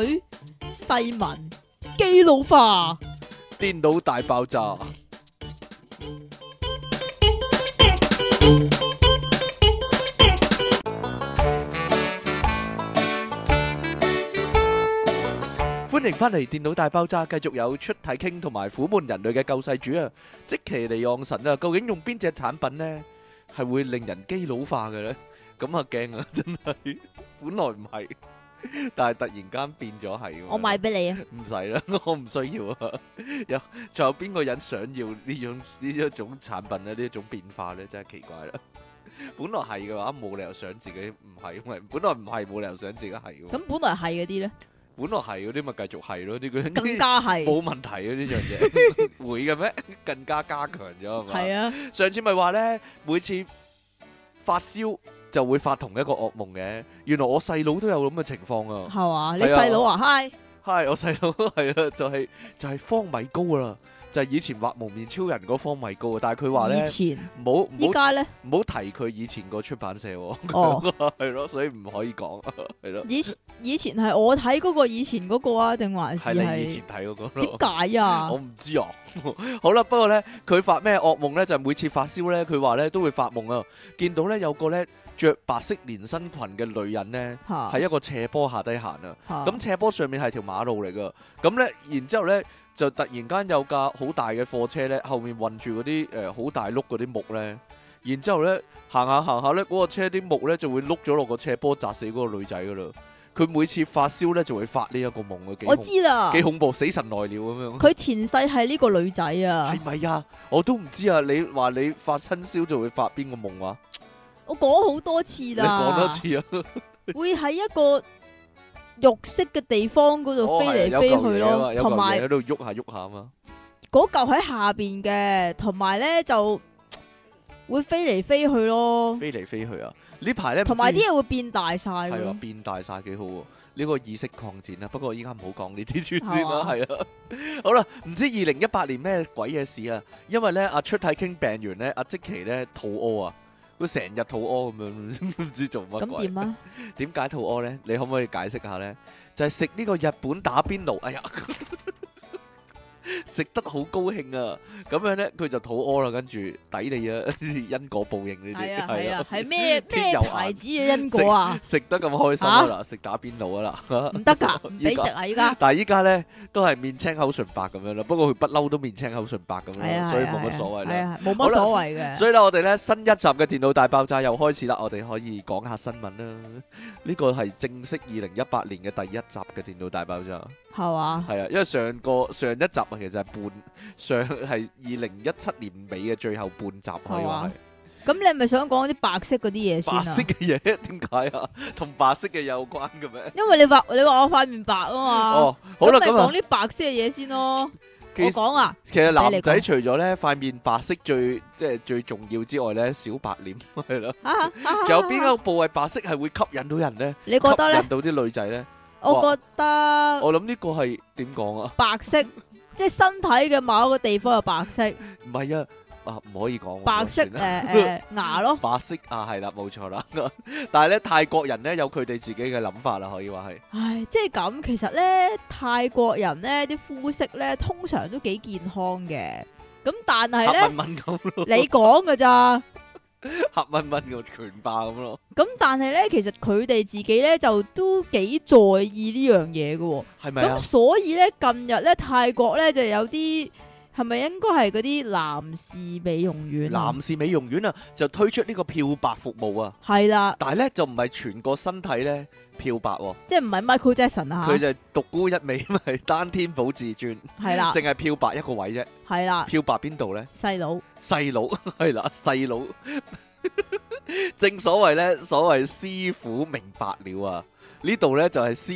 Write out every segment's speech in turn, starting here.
水、細紋、肌老化、電腦大爆炸。歡迎翻嚟《電腦大爆炸》，繼續有出體 King 同埋苦悶人類嘅救世主啊！積淇離岸神啊，究竟用邊隻產品呢？係會令人肌老化嘅呢？咁啊驚啊！真係，本來唔係。但係突然間變咗係，我買俾你啊！唔使啦，我唔需要啊。有仲有邊個人想要呢種呢一種產品咧？呢一種變化咧，真係奇怪啦。本來係嘅話，冇理由想自己唔係，因為本來唔係冇理由想自己係。咁本來係嗰啲咧，本來係嗰啲咪繼續係咯。呢個更加係冇問題啊！呢樣嘢會嘅咩？更加加強咗係嘛？係啊！上次咪話咧，每次發燒。就會發同一個噩夢嘅。原來我細佬都有咁嘅情況啊！係啊，你細佬啊？係係，我細佬都係啊。就係就係方米高啊。就以前畫蒙面超人嗰方咪高，但係佢話咧，唔好，依家咧，唔好提佢以前個出版社，係咯、哦， 所以唔可以講，係 咯了。以以前係我睇嗰個，以前嗰個啊，定還是係你以前睇嗰、那個？點解啊？我唔知啊。好啦，不過咧，佢發咩噩夢咧？就是、每次發燒咧，佢話咧都會發夢啊，見到咧有個咧着白色連身裙嘅女人咧，係哈一個斜坡下低行啊，咁哈斜坡上面係條馬路嚟噶，咁咧，然之後咧。就突然間有架好大嘅貨車咧，後面運住嗰啲誒好大碌嗰啲木咧，然之後咧行下行下咧嗰個車啲木咧就會碌咗落個車波，砸死嗰個女仔噶啦。佢每次發燒咧就會發呢一個夢嘅，幾我知啦，幾恐怖，死神來了咁樣。佢前世係呢個女仔啊？係咪啊？我都唔知啊。你話你發親燒就會發邊個夢啊？我講好多次啦，你講多次啊，會喺一個。 肉色嘅地方嗰度飛嚟飛，啊哦啊、飛，飛去咯，同埋喺度喐下喐下啊嘛，嗰嚿喺下邊嘅，同埋咧就會飛嚟飛去咯，飛嚟飛去啊呢排咧，同埋啲嘢會變大晒，係啊變大晒幾好啊呢、這個意識擴展啊，不過依家唔好講呢啲先啦，係啊，啊，好啦，唔知二零一八年咩鬼嘢事啊，因為咧阿出體 king 病完咧，阿積淇咧肚屙啊。都成日肚屙咁 樣，唔知做乜鬼。咁點啊？點解 肚屙咧？你可唔可以解釋下咧？就係食呢個日本打邊爐。哎呀！ 食得好高興啊！咁樣咧，佢就肚屙啦，跟住抵你啊！ 因果報應呢啲，係啊係啊，係咩咩牌子嘅因果啊？食得咁開心啊啦，食打邊爐啊啦，唔得噶，唔俾食啊！依家， 但係依家咧都係面青口唇白咁樣啦。不過佢不嬲都面青口唇白咁樣，所以冇乜所謂冇乜所謂嘅。所以啦，我哋咧新一集嘅電腦大爆炸又開始啦，我哋可以講下新聞啦。呢個係正式二零一八年嘅第一集嘅電腦大爆炸。係嘛？係啊，因為上個上一集啊，其實係半上係二零一七年尾嘅最後半集，可以話。咁你係咪想講啲白色嗰啲嘢先啊？白色嘅嘢點解啊？同白色嘅有關嘅咩？因為你白你話我塊面白啊嘛，哦，好啦，咁咪講啲白色嘅嘢先咯。其實，我講啊，其實男仔除咗咧塊面白色最即係最重要之外咧，小白臉係咯。仲有邊個部位白色係會吸引到人咧？你覺得咧？吸引到啲女仔咧？我覺得我諗呢個係點講啊？白色 即係身體嘅某一個地方有白色，唔係啊啊，唔可以講白色誒、呃呃、牙咯，白色啊係啦冇錯啦，但係咧泰國人咧有佢哋自己嘅諗法啦，可以話係。唉，即係咁，其實咧泰國人咧啲膚色咧通常都幾健康嘅，咁但係咧你講噶咋？ 黑蚊蚊，嘅拳霸咁咯，咁但係咧，其實佢哋自己咧就都幾在意呢樣嘢㗎喎，係咪啊？所以咧，近日咧，泰國咧就有啲。係咪應該係嗰啲男士美容院，啊？男士美容院啊，就推出呢個漂白服務啊。係啦，但係咧就唔係全個身體咧漂白，啊，即係唔係 Michael Jackson 啊？佢就獨孤一味，咪 單天寶自尊。係啦，淨係漂白一個位啫。係啦，漂白邊度咧？細佬弟，細佬係啦，細佬。正所謂咧，所謂師傅明白了啊，呢度咧就係私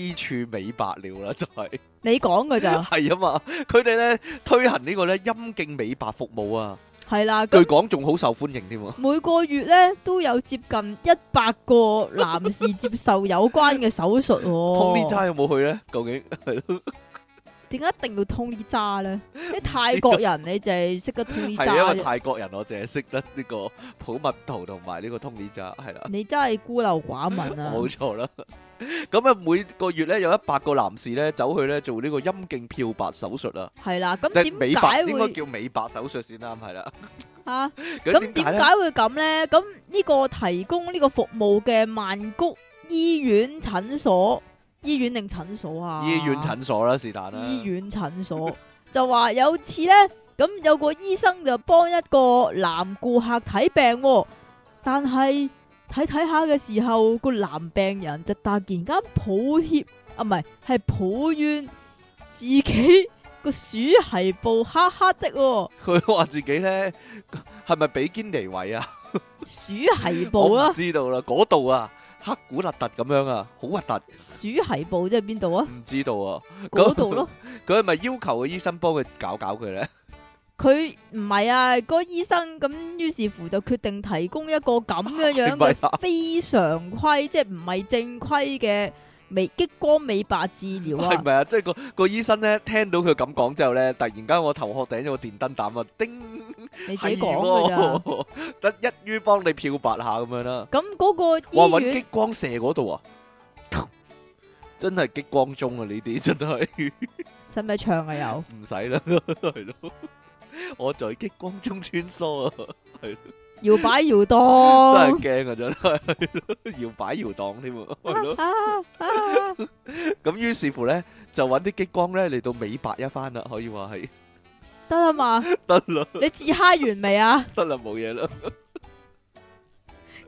處美白了啦，就係。你講嘅咋？係啊嘛，佢哋咧推行個呢個咧陰莖美白服務啊，係啦，據講仲好受歡迎添喎。每個月咧都有接近一百個男士接受有關嘅手術，啊。Tony 差有冇去咧？究竟係咯？ 點解一定要通呢渣咧？因為泰國人你淨係識得通呢渣？係因為泰國人我淨係識得呢個普密圖同埋呢個通呢渣，係啦。你真係孤陋寡聞啊！冇錯啦。咁啊，每個月咧有一百個男士咧走去咧做呢個陰莖漂白手術啊。係啦，咁點解會應該叫美白手術先啱？係啦。吓，咁點解會咁咧？咁呢個提供呢個服務嘅曼谷醫院診所。醫院定診所啊？醫院診所啦，是但啦。醫院診所 就話有次咧，咁有個醫生就幫一個男顧客睇病，哦，但係睇睇下嘅時候，那個男病人就突然間抱歉，啊唔係，係抱怨自己個鼠蹊部黑黑的，哦。佢話自己咧係咪比堅尼位啊？ 鼠蹊部啊？知道啦，嗰度啊。黑古辣突咁樣啊，好核突！鼠系部即係邊度啊？唔知道啊，嗰度那咯。佢係咪 要求個醫生幫佢搞搞佢咧？佢唔係啊，個醫生咁於是乎就決定提供一個咁嘅樣嘅非常規， 係咪啊、即係唔係正規嘅。微激光美白治療啊，係咪啊？即係個個醫生咧，聽到佢咁講之後咧，突然間我頭殼頂咗個電燈膽啊！叮，你睇講啊，得一於幫你漂白下咁樣啦。咁嗰個醫院激光射嗰度啊，真係激光中啊！你哋真係使唔使唱啊？又唔使啦，係咯，我在激光中穿梭啊，係。搖擺搖蕩，真係驚啊！真係，搖擺搖蕩添喎，咁於是乎咧，就揾啲激光咧嚟，到美白一番啦，可以話係得啦嘛，得啦，你自嗨完未啊？得啦，冇嘢啦。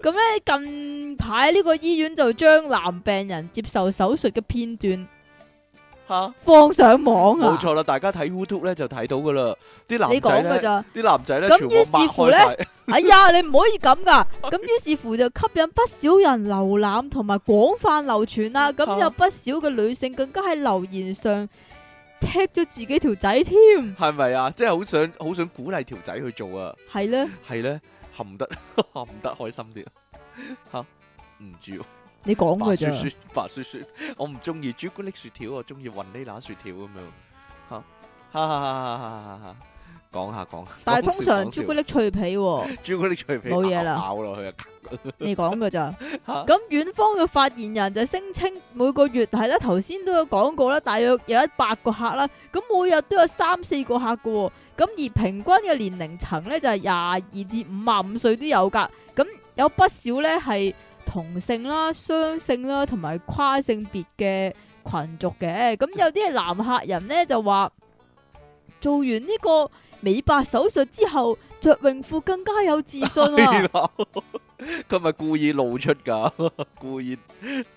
咁咧，近排呢個醫院就將男病人接受手術嘅片段。啊、放上網啊！冇錯啦，大家睇 YouTube 咧就睇到噶啦，啲男、你講㗎咋？啲男仔咧，咁於是乎咧，哎呀，你唔可以咁噶！咁於 是乎就吸引不少人瀏覽同埋廣泛流傳啦，咁有、啊、不少嘅女性更加喺留言上踢咗自己條仔添，係咪啊？即係好想好想鼓勵條仔去做啊！係咧呢，係咧，含得含得開心啲啊！唔知喎。你講噶咋？白雪雪，我唔中意朱古力雪條，我中意雲呢拿雪條咁樣。吓，講下講。但係通常講笑講笑朱古力脆皮，啊， 朱古力脆皮冇嘢啦，咬落去，啊。 你講噶咋？咁遠方嘅發言人就聲稱，每個月係啦，頭先都有講過啦，大約有一百個客啦，咁每日都有三四個客噶。咁而平均嘅年齡層咧，就係廿二至五十五歲都有噶。咁有不少咧係同性啦、雙性啦，同埋跨性別嘅群族嘅，咁有啲男客人咧就話做完呢個美白手術之後，着泳褲更加有自信啊！佢咪 故意露出㗎， 故意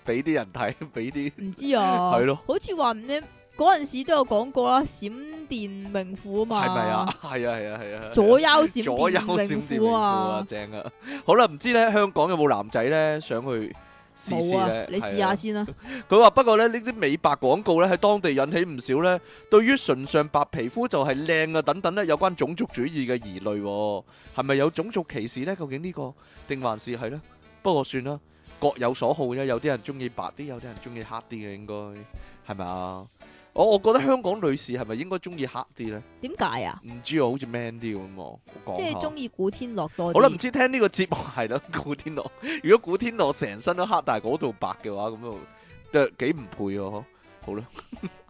俾啲人睇，俾啲唔知啊，係咯 了，好似話唔嗰陣時都有講過啦，閃電名虎啊嘛，係咪啊？係啊係啊係啊，啊啊啊啊左右閃電名虎啊，啊，正啊！ 好啦、啊，唔知咧香港有冇男仔咧想去試啊，你試下先啦。佢話是、啊、 不過咧呢啲美白廣告咧喺當地引起唔少咧，對於唇上白皮膚就係靚啊等等咧有關種族主義嘅疑慮、啊，係咪有種族歧視咧？究竟呢、這個定還是係咧？不過算啦，各有所好啫。有啲人中意白啲，有啲人中意黑啲嘅，應該係咪啊？我我覺得香港女士係咪應該中意黑啲咧？點解啊？唔知啊，好似 man 啲咁喎。即係中意古天樂多啲。我都唔知聽呢個節目係咯，古天樂。如果古天樂成身都黑，但係嗰度白嘅話，咁又幾唔配哦。好啦，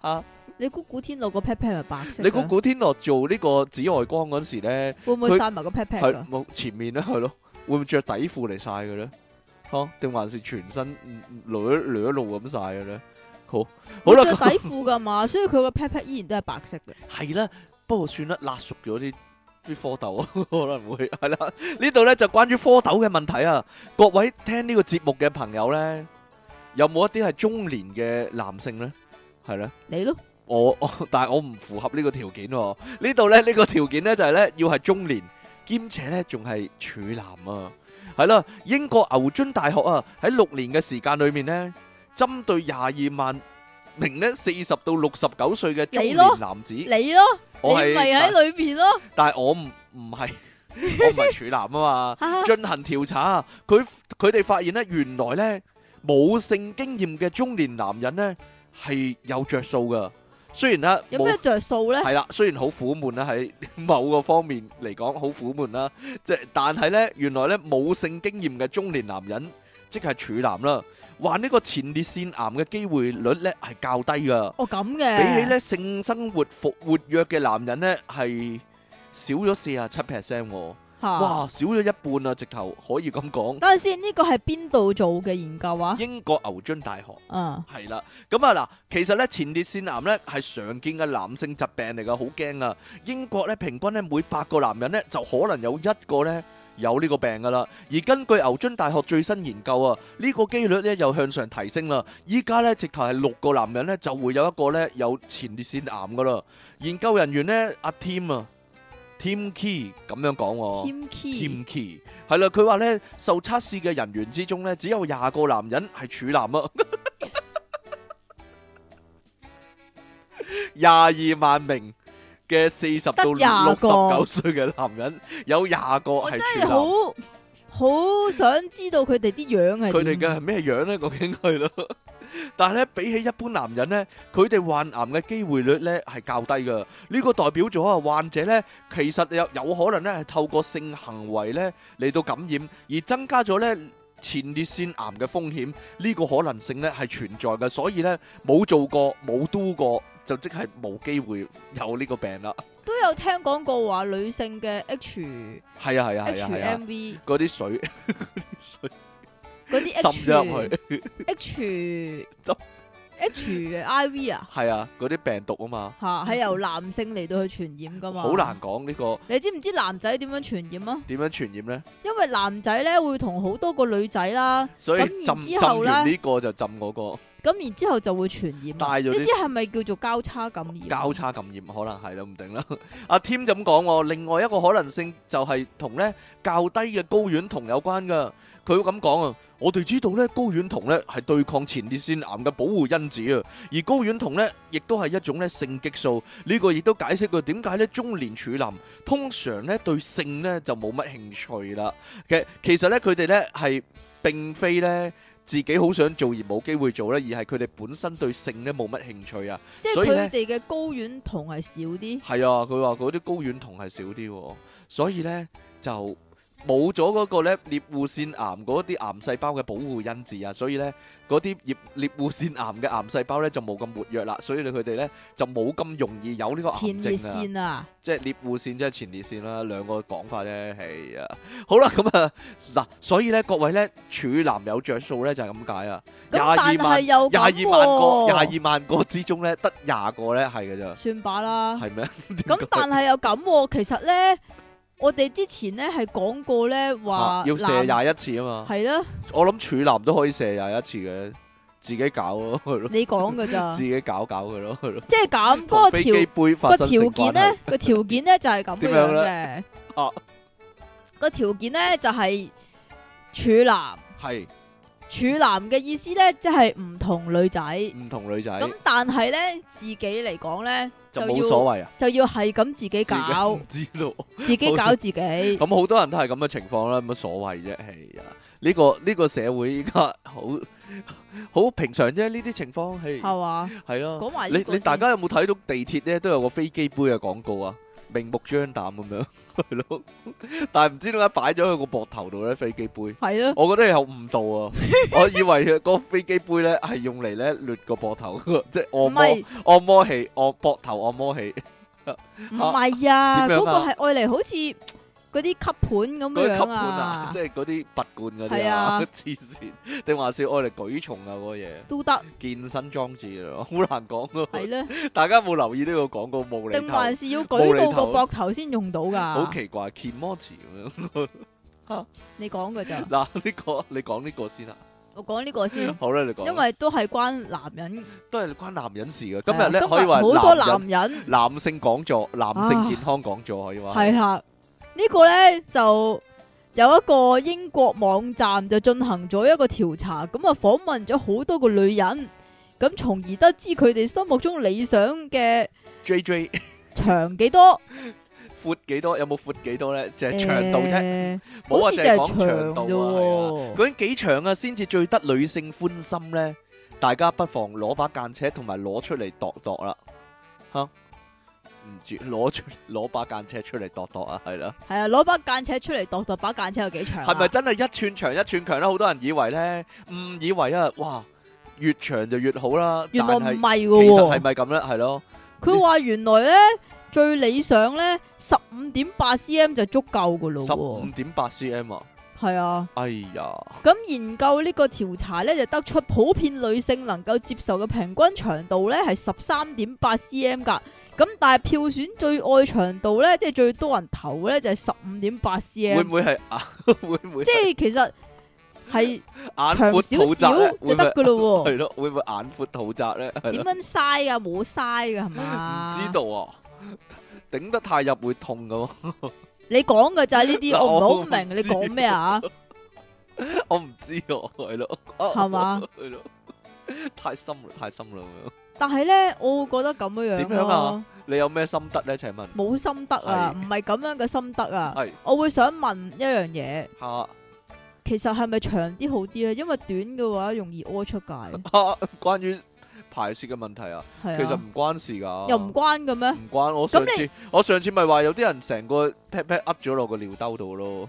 嚇你估古天樂個 pat pat 係白色？你估古天樂做呢個紫外光嗰陣時咧，會唔會晒埋個 pat pat？前面咧，係咯，會唔會着底褲嚟晒嘅咧？嗬，定還是全身捋捋一路咁晒嘅咧？好，好啦，着底褲㗎嘛，所以佢個 pat pat 依然都係白色嘅。係啦，不過算啦，辣熟咗啲啲蝌蚪啊，可能會係啦。呢度咧就關於蝌蚪嘅問題啊。各位聽呢個節目嘅朋友咧，有冇一啲係中年嘅男性咧？係啦，你咯，我我，但係我唔符合呢個條件喎。呢度咧呢個條件咧就係咧要係中年，兼且咧仲係處男啊。係啦，英國牛津大學啊，喺六年嘅時間裏面咧。針對廿二萬零咧四十到六十九歲嘅中年男子，你咯，我係喺裏邊咯。但係我唔唔係，我唔係處男啊嘛。進行調查，佢佢哋發現咧，原來咧冇性經驗嘅中年男人咧係有着數噶。雖然咧，有咩着數咧？係啦，雖然好苦悶啦，喺某個方面嚟講好苦悶啦。即係，但係咧，原來咧冇性經驗嘅中年男人，即係處男啦。患呢個前列腺癌嘅機會率咧係較低㗎，哦咁嘅，比起咧性生活活活躍嘅男人咧係少咗四十七 percent，嘩少咗一半啊，直頭可以咁講。等陣先，呢個係邊度做嘅研究啊？英國牛津大學，啊、嗯，係啦，咁啊嗱，其實咧前列腺癌咧係常見嘅男性疾病嚟㗎，好驚啊！英國咧平均咧每八個男人咧就可能有一個咧。有呢個病噶啦，而根據牛津大學最新研究啊，這個、機呢個幾率咧又向上提升啦。依家咧直頭係六個男人咧就會有一個咧有前列腺癌噶啦。研究人員呢，阿 Tim 啊 Tim Key 咁樣講喎 Tim Key，啊、Tim Key 係啦 Key，佢話咧受測試嘅人員之中咧只有廿個男人係處男啊，廿 二萬名。嘅四十到六十九歲嘅男人有廿個係處男，我真係好好 想知道佢哋啲樣啊！佢哋嘅係咩樣咧？究竟係咯？但係咧，比起一般男人咧，佢哋患癌嘅機會率咧係較低噶。呢個代表咗啊，患者咧其實有有可能咧係透過性行為咧嚟到感染，而增加咗咧前列腺癌嘅風險。呢個可能性咧係存在嘅，所以咧冇做過冇 do 過。就即係冇機會有呢個病啦。都有聽講過話女性嘅 H 係啊係啊 H M V 嗰啲的 M 水，嗰啲滲咗入去 H，H I V 啊？係啊，嗰啲病毒啊嘛吓，係由男性嚟到去傳染噶嘛？好、嗯、難講呢個。你知唔知男仔點樣傳染啊？點樣傳染咧？因為男仔咧會同好多個女仔啦，咁然以之後咧呢個就浸、嗰個。咁然之後就會傳染，呢啲係咪叫做交叉感染？交叉感染可能係啦，唔定啦。阿 Tim 就咁講喎，另外一個可能性就係同咧較低嘅睾丸酮有關噶。佢會咁講啊，我哋知道咧睾丸酮咧係對抗前列腺癌嘅保護因子啊，而睾丸酮咧亦都係一種咧性激素。呢個亦都解釋過點解咧中年處男通常咧對性咧就冇乜興趣啦。其實其實咧佢哋咧係並非咧。自己好想做而冇機會做咧，而係佢哋本身對性咧冇乜興趣啊，是所以佢哋嘅睾丸酮係少啲。係啊，佢話嗰啲睾丸酮係少啲，啊，所以呢，就。冇咗嗰個咧，獵戶腺癌嗰啲癌細胞嘅保護因子啊，所以咧嗰啲獵獵戶腺癌嘅癌細胞咧就冇咁活躍啦，所以佢哋咧就冇咁容易有呢個癌症啊。即係獵戶腺即係前列腺啦，兩個講法咧係啊。好啦，咁啊嗱，所以咧各位咧處男有著數咧就係咁解啊。咁但係又廿二萬個廿二萬個之中咧，得廿個咧係嘅咋？算把啦。係咩？咁但係又咁，其實咧。我哋之前咧係講過咧，話、啊、要射廿一次啊嘛，係咯的。我諗處男都可以射廿一次嘅，自己搞咯，你講噶咋？自己搞搞佢咯，即係咁。個條件咧，個條 件咧就係、是、咁樣嘅。哦，個、啊、條件咧就係處男，係處男嘅意思咧，即係唔同女仔，唔同女仔。咁但係咧，自己嚟講咧。就冇所謂啊就！就要係咁自己搞，自己， 自己搞自己。咁好 多人都係咁嘅情況啦，乜所謂啫？係啊！呢、啊這個呢、這個社會依家好好平常啫，呢啲情況係係嘛？係咯、啊。講埋你你大家有冇睇到地鐵咧都有個飛機杯嘅廣告啊？明目張膽咁樣。 係咯， 但係唔知點解擺咗佢個膊頭度咧？飛機杯係咯，是的 我覺得有誤導啊！ 我以為佢嗰個飛機杯咧係用嚟咧掠個膊頭，即 係按摩是按摩器，按膊頭按摩器。唔 係啊，嗰、啊啊、個係愛嚟好似。嗰啲吸盤咁樣啊，即係嗰啲拔罐嗰啲啊，黐綫，定還是愛嚟舉重啊嗰個嘢都得，健身裝置嘅咯，好難講咯。係咧，大家冇留意呢個廣告無厘，定還是要舉到個膊頭先用到噶？好奇怪，Kmart 咁樣吓，你講噶咋？嗱，呢個你講呢個先啦，我講呢個先，好啦，你講，因為都係關男人，都係關男人事嘅。今日咧可以話好多男人，男性講座，男性健康講座可以話係啦。呢個呢，就有一個英國網站就進行咗一個調查，咁啊訪問咗好多個女人，咁從而得知佢哋心目中理想嘅 J J 長幾多，闊幾 JJ 多，有冇闊幾多呢？就係、欸、長度啫，冇啊，就係長度啫。究竟幾長啊，先至 最得女性歡心呢？大家不妨攞把間尺同埋攞出嚟度度啦，吓、啊。攞出攞把間尺出嚟度度啊，係咯，係啊，攞把間尺出嚟度度，把間尺有幾長、啊？係咪真係一寸長一寸強咧、啊？好多人以為咧，誤以為啊，哇，越長就越好啦、啊。原來唔係喎，其實係咪咁咧？係咯，佢話原來咧，最理想咧，十五點八 cm 就足夠噶咯，十五點八 cm 啊，係啊，哎呀，咁研究個調呢個調查咧就得出普遍女性能夠接受嘅平均長度咧係十三點八 cm 噶。咁但係票選最愛長度咧，即係最多人投咧，就係十五點八 cm。會唔會係啊？會唔會？即係其實係眼闊少少就得噶咯？係咯？會唔會眼闊肚窄咧？點樣嘥噶？冇嘥噶係嘛？唔知道啊！頂得太入會痛噶喎！你講嘅就係呢啲，我唔係好明你講咩啊？我唔知哦，係咯，係嘛？係 咯，太深啦，太深啦。但係咧，我會覺得咁樣咯，啊。你有咩心得咧？請問。冇心得啊，唔係咁樣嘅心得啊。係是。我會想問一樣嘢。嚇哈！其實係咪長啲好啲咧？因為短嘅話容易屙出界。嚇！關於排泄嘅問題啊，啊其實唔關事㗎。又唔關嘅咩？唔關。我上次你我上次咪話有啲人成個 pat pat 噏咗落個尿兜度咯。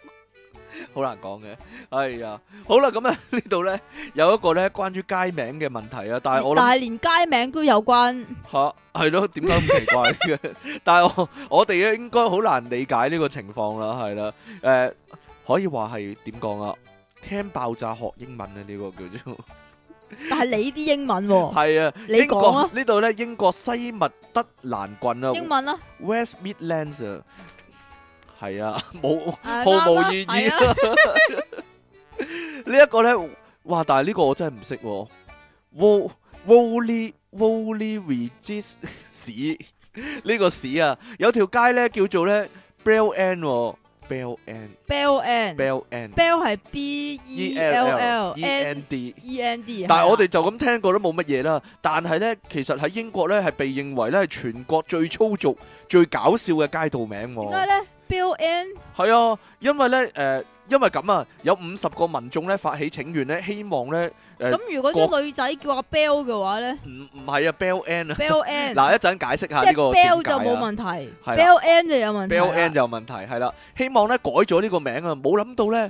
好難講嘅，哎呀，好啦，咁啊呢度咧有一個咧關於街名嘅問題啊，但係我諗但係連街名都有關吓，係咯，點解咁奇怪嘅？但係我我哋咧應該好難理解呢個情況啦，係啦，誒，可以話係點講啊？聽爆炸學英文啊，呢個叫做，但係你啲英文喎，係啊，英國，你講啊，呢度咧英國西密德蘭郡啊，英文咯，West Midlands 啊。係啊，冇毫無意義。呢一個咧，哇！但係呢個我真係唔識。Rowley Rowley Regis 屎呢個屎啊！有條街咧叫做咧 Bell End Bell End Bell End Bell End Bell 係 b e l l e n d e n d。但係我哋就咁聽過都冇乜嘢啦。但係咧，其實喺英國咧係被認為咧係全國最粗俗、最搞笑嘅街道名。點解咧？Bell N？係啊，因為咧誒，因為咁啊，有五十個民眾咧發起請願咧，希望咧誒，咁如果啲女仔叫阿 Bell 嘅話咧，唔唔係啊，Bell N 啊，Bell N，嗱一陣解釋下呢個點解，即係 Bell 就冇問題，係 Bell N 就有問題，Bell N 就有問題，係啦，希望咧改咗呢個名啊，冇諗到咧。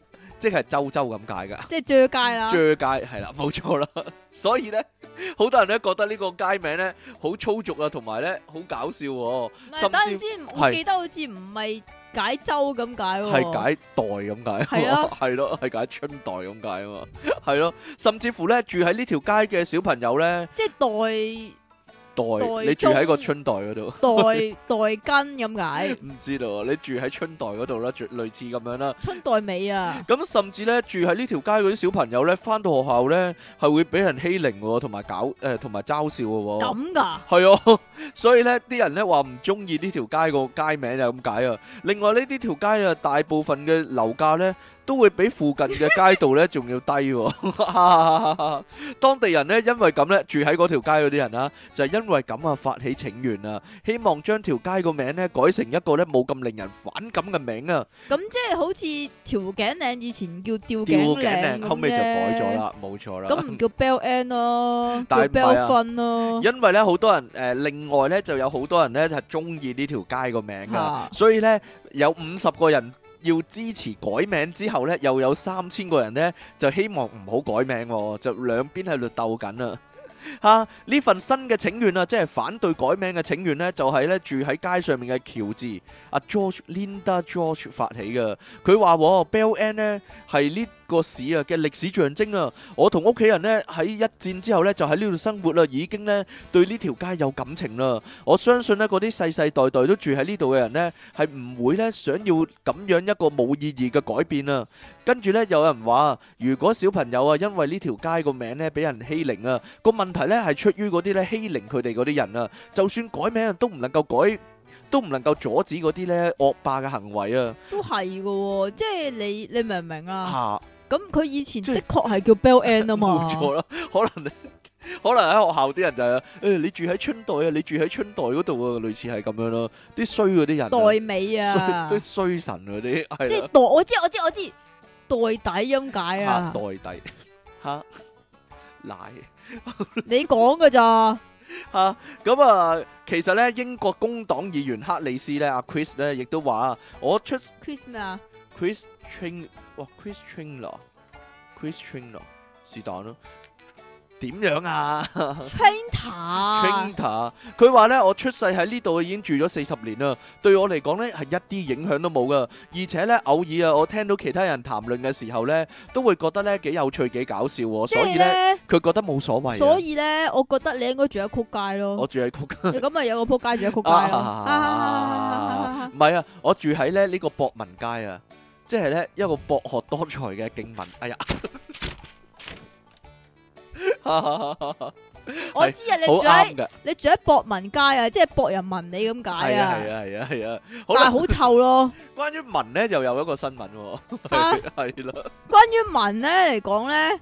即係周周咁解㗎，即係遮街啦，遮街係啦，冇錯啦。所以咧，好多人咧覺得呢個街名咧好粗俗啊，同埋咧好搞笑。唔係，等陣先，我記得好似唔係解周咁解，係解代咁解，係啊，係咯，係解春代咁解啊嘛，係咯，甚至乎咧住喺呢條街嘅小朋友咧，即係代。代你住喺個春代嗰度，代代根咁解？唔知道啊你住喺春代嗰度啦，住類似咁樣啦。春代尾啊，咁甚至咧住喺呢條街嗰啲小朋友咧，翻到學校咧係會俾人欺凌同埋搞誒，同埋嘲笑嘅。咁噶？係啊，所以咧啲人咧話唔中意呢條街個街名就咁解啊。另外呢啲條街啊，大部分嘅樓價咧。都會比附近嘅街道咧仲要低，當地人咧因為咁咧住喺嗰條街嗰啲人啊，就係因為咁啊發起請願啊，希望將條街個名咧改成一個咧冇咁令人反感嘅名啊。咁即係好似調景嶺以前叫吊頸嶺，後尾就改咗啦，冇錯啦。咁唔叫 Bell End 咯，叫 Bell Fun 咯。因為咧好多人誒，另外咧就有好多人咧係中意呢條街個名㗎，所以咧有五十個人。要支持改名之後咧，又有三千個人咧就希望唔好改名，就兩邊喺度鬥緊啊！嚇，呢份新嘅請願啊，即係反對改名嘅請願咧，就係咧住喺街上面嘅喬治阿 George Linda George 發起嘅。佢話：Bell Ann 咧係呢。個市啊嘅歷史象徵啊，我同屋企人呢喺一戰之後呢就喺呢度生活啦，已經呢對呢條街有感情啦。我相信呢嗰啲世世代代都住喺呢度嘅人呢係唔會呢想要咁樣一個冇意義嘅改變啊。跟住呢有人話，如果小朋友啊因為呢條街個名呢俾人欺凌啊，個問題呢係出於嗰啲呢欺凌佢哋嗰啲人啊。就算改名都唔能夠改，都唔能夠阻止嗰啲呢惡霸嘅行為啊。都係嘅，即係你你明唔明啊？吓。咁佢以前的確係叫 Bell End 啊嘛，冇 錯、嗯、啦，可能可能喺學校啲人就係、是、誒、哎，你住喺春代啊，你住喺春代嗰度啊，類似係咁樣咯，啲衰嗰啲人代尾啊，啲衰神嗰啲，即係代我知我知我知代底音解啊，啊代底吓、啊、奶，你講噶咋吓？咁啊，啊，其實咧英國工黨議員克里斯咧阿、啊、Chris 咧亦都話我出 Chris 咩啊？Chris Train，哇，Chris Trainor，Chris Trainor，是但咯？點樣啊？Trainer，Trainer，佢話咧：我出世喺呢度，已經住咗四十年啦。對我嚟講咧，係一啲影響都冇噶。而且咧，偶爾啊，我聽到其他人談論嘅時候咧，都會覺得咧幾有趣、幾搞笑喎。所以咧，佢覺得冇所謂。所以咧，我覺得你應該住喺曲街咯。我住喺曲街。咁咪有個撲街住喺曲街咯。唔係啊，我住喺咧呢個博文街啊。即係咧一個博學多才嘅敬文，哎呀，我知啊，你住喺你住喺博文街啊，即係博人聞你咁解啊，係啊係啊係啊，但係好臭咯。關於聞咧就有一個新聞，係啦。關於聞咧嚟講咧，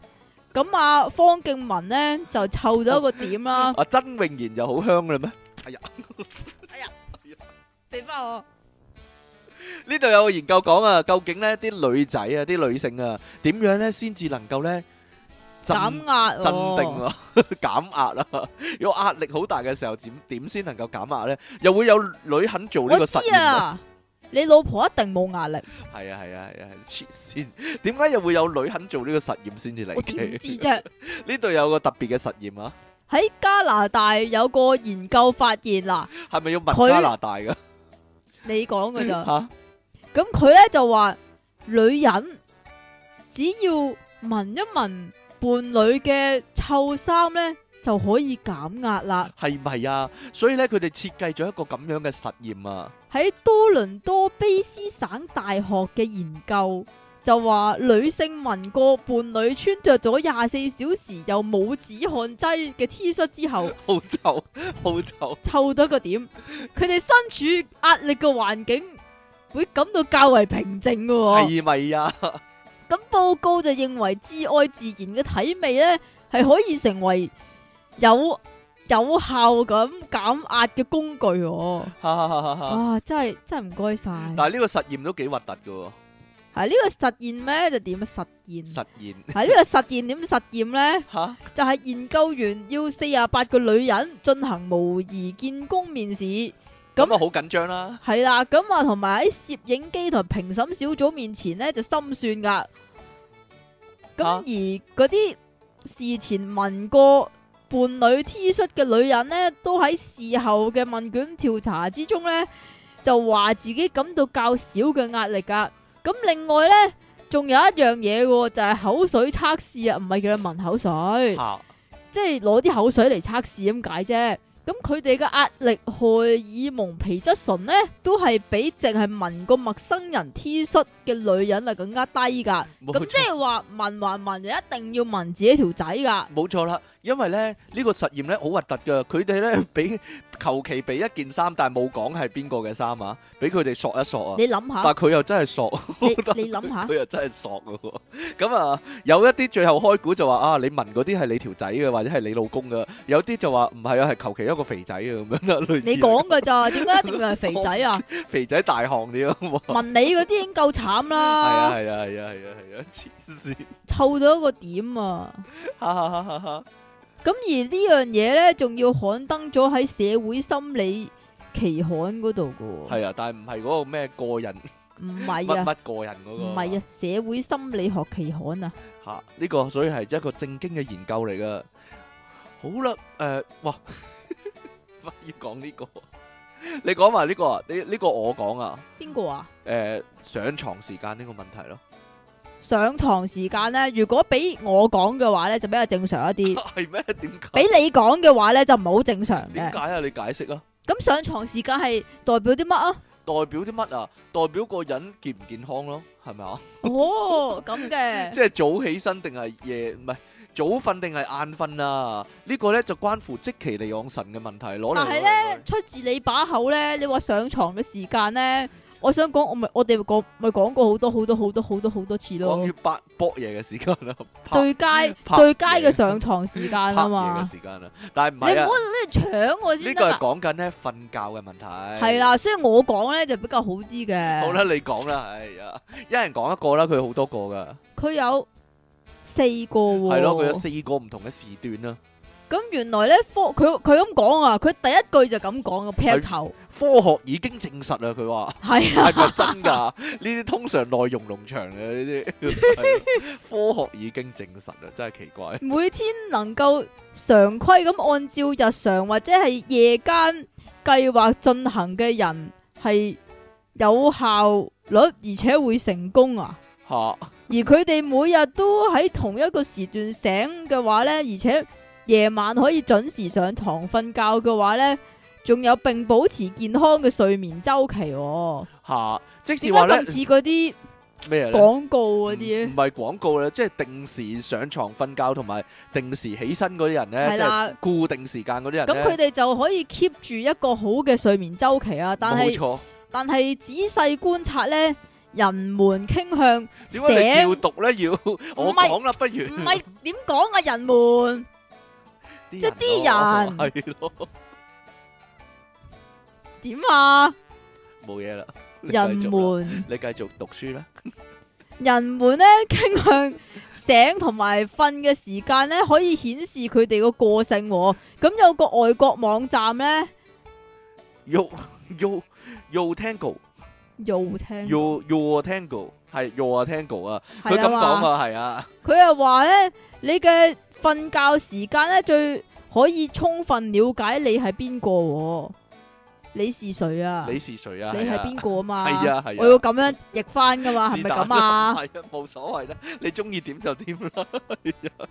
咁啊方敬文咧就臭咗一個點啦。啊曾穎然就好香啦咩？哎呀，哎呀，哎呀，畀返我！呢度有個研究講啊，究竟咧啲女仔啊，啲女性啊，點樣咧先至能夠咧減壓、鎮定、減壓啊？要壓力好大嘅時候，點點先能夠減壓咧？又會有女肯做呢個實驗啊？你老婆一定冇壓力。係啊係啊係啊，黐線！點解又會有女肯做呢個實驗先至嚟？我點知啫？呢度有個特別嘅實驗啊！喺加拿大有個研究發現，啦，係咪要問加拿大噶？你講噶咋？咁佢咧就話女人只要聞一聞伴侶嘅臭衫呢，就可以減壓啦，係咪啊？所以咧佢哋設計咗一個咁樣嘅實驗啊！喺多倫多卑斯省大學嘅研究就話，女性聞過伴侶穿着咗廿四小時又冇止汗劑嘅 T 恤之後， 好臭，好臭，臭到一個點，佢哋身處壓力嘅環境。會感到較為平靜嘅，係咪呀？咁、啊、報告就認為，摯愛自然嘅體味咧，係可以成為有有效咁減壓嘅工具、哦。 啊，真係真係唔該晒。但係呢個實驗都幾核突嘅。係呢、啊這個實驗咩？就點實驗？實驗係呢個實驗點實驗咧？吓哈就係研究員要四十八個女人進行模擬見工面試。咁啊，好緊張啦！係啦，咁啊，同埋喺攝影機同埋評審小組面前咧，就心算噶。咁而嗰啲事前聞過伴侶 T 恤嘅女人咧，都喺事後嘅問卷調查之中咧，就話自己感到較少嘅壓力噶。咁另外咧，仲有一樣嘢嘅，就係口水測試啊，唔係叫你聞口水，即係攞啲口水嚟測試咁解啫。咁佢哋嘅壓力荷爾蒙皮質醇咧，都係比淨係聞個陌生人 T 恤嘅女人啊更加低噶。咁即係話聞還聞就一定要聞自己條仔噶。冇錯啦，因為咧呢、這個實驗咧好核突噶，佢哋咧俾求其俾一件衫，但係冇講係邊個嘅衫啊，俾佢哋索一索啊。你諗下，但係佢又真係索。你你諗下，佢 又真係索噶。咁、嗯、啊、嗯，有一啲最後開估就話啊，你聞嗰啲係你條仔嘅，或者係你老公噶。有啲就話唔係啊，係求其一個。個肥仔啊，咁樣都類你講嘅咋？點解一定係肥仔啊？肥仔大汗 你 啊？問你嗰啲已經夠慘啦，係啊，係啊，係啊，係啊，黐線臭到一個點啊！哈哈，咁而呢樣嘢咧，仲要刊登咗喺《社會心理期刊》嗰度嘅係啊，但係唔係嗰個咩個人唔係啊，乜乜個人嗰、嗰個唔係啊，《社會心理學期刊啊》啊吓呢、呢個，所以係一個正經嘅研究嚟嘅。好啦，誒、呃，哇！要講呢個，你講埋呢個啊？你呢個我講啊？邊個啊？誒，上床時間呢個問題咯。上床時間咧，如果俾我講嘅話咧，就比較正常一啲。係咩？點解？俾你講嘅話咧，就唔係好正常嘅。點解啊？你解釋啊？咁上床時間係代表啲乜啊？代表啲乜啊？代表個人健唔健康咯？係咪啊？哦，咁嘅。即係早起身定係夜唔係？早瞓定係晏瞓啊？呢個咧就關乎積淇離岸神嘅問題。攞嚟，但係咧出自你把口咧，你話上床嘅時間咧，我想講我咪我哋咪講咪講過好多好多好多好多好多次咯。關於八搏嘢嘅時間咯，最佳最佳嘅上床時間啊嘛。嘅時間啊，但係唔係啊，你唔好呢搶我先。呢個係講緊咧瞓覺嘅問題。係啦，所以我講咧就比較好啲嘅。好啦，你講啦，哎呀，一人講一個啦，佢好多個噶。佢有。四個係、哦、咯，佢有四個唔同嘅時段啦。咁、 嗯、原來咧科佢佢咁講啊，佢第一句就咁講個劈頭。科學已經證實喇，佢話係係咪真噶？呢啲 通常內容農場嘅呢啲。 科學已經證實喇，真係奇怪。 每天能夠常規咁按照日常或者係夜間計劃進行嘅人，係有效率而且會成功啊。吓。 而佢哋每日都喺同一個時段醒嘅話呢，而且夜晚可以準時上床瞓覺嘅話呢，仲有並保持健康嘅睡眠周期、哦。吓，即點解咁似嗰啲咩廣告嗰啲？唔係廣告啦，即係定時上床瞓覺同埋定時起身嗰啲人呢？係啦的，固定時間嗰啲人。咁佢哋就可以 keep 住一個好嘅睡眠周期啊！錯但係但係仔細觀察呢。人們傾向醒點解你照讀咧？要我講啦，不如唔係點講啊？人們即係啲人係咯，點啊？冇嘢啦。人們，你繼續讀書啦。人們咧傾向醒同埋瞓嘅時間咧，可以顯示佢哋個個性喎。咁有個外國網站咧，You You You Tango。Your, your tango 係 your tango 啊，佢咁講啊，係啊，佢又話咧，你嘅瞓覺時間咧最可以充分了解你係邊個，你是誰啊？你是誰啊？你係邊個啊？嘛係啊係啊，我要咁樣譯翻噶嘛，係咪咁啊？係啊，冇所謂啦，你中意點就點啦，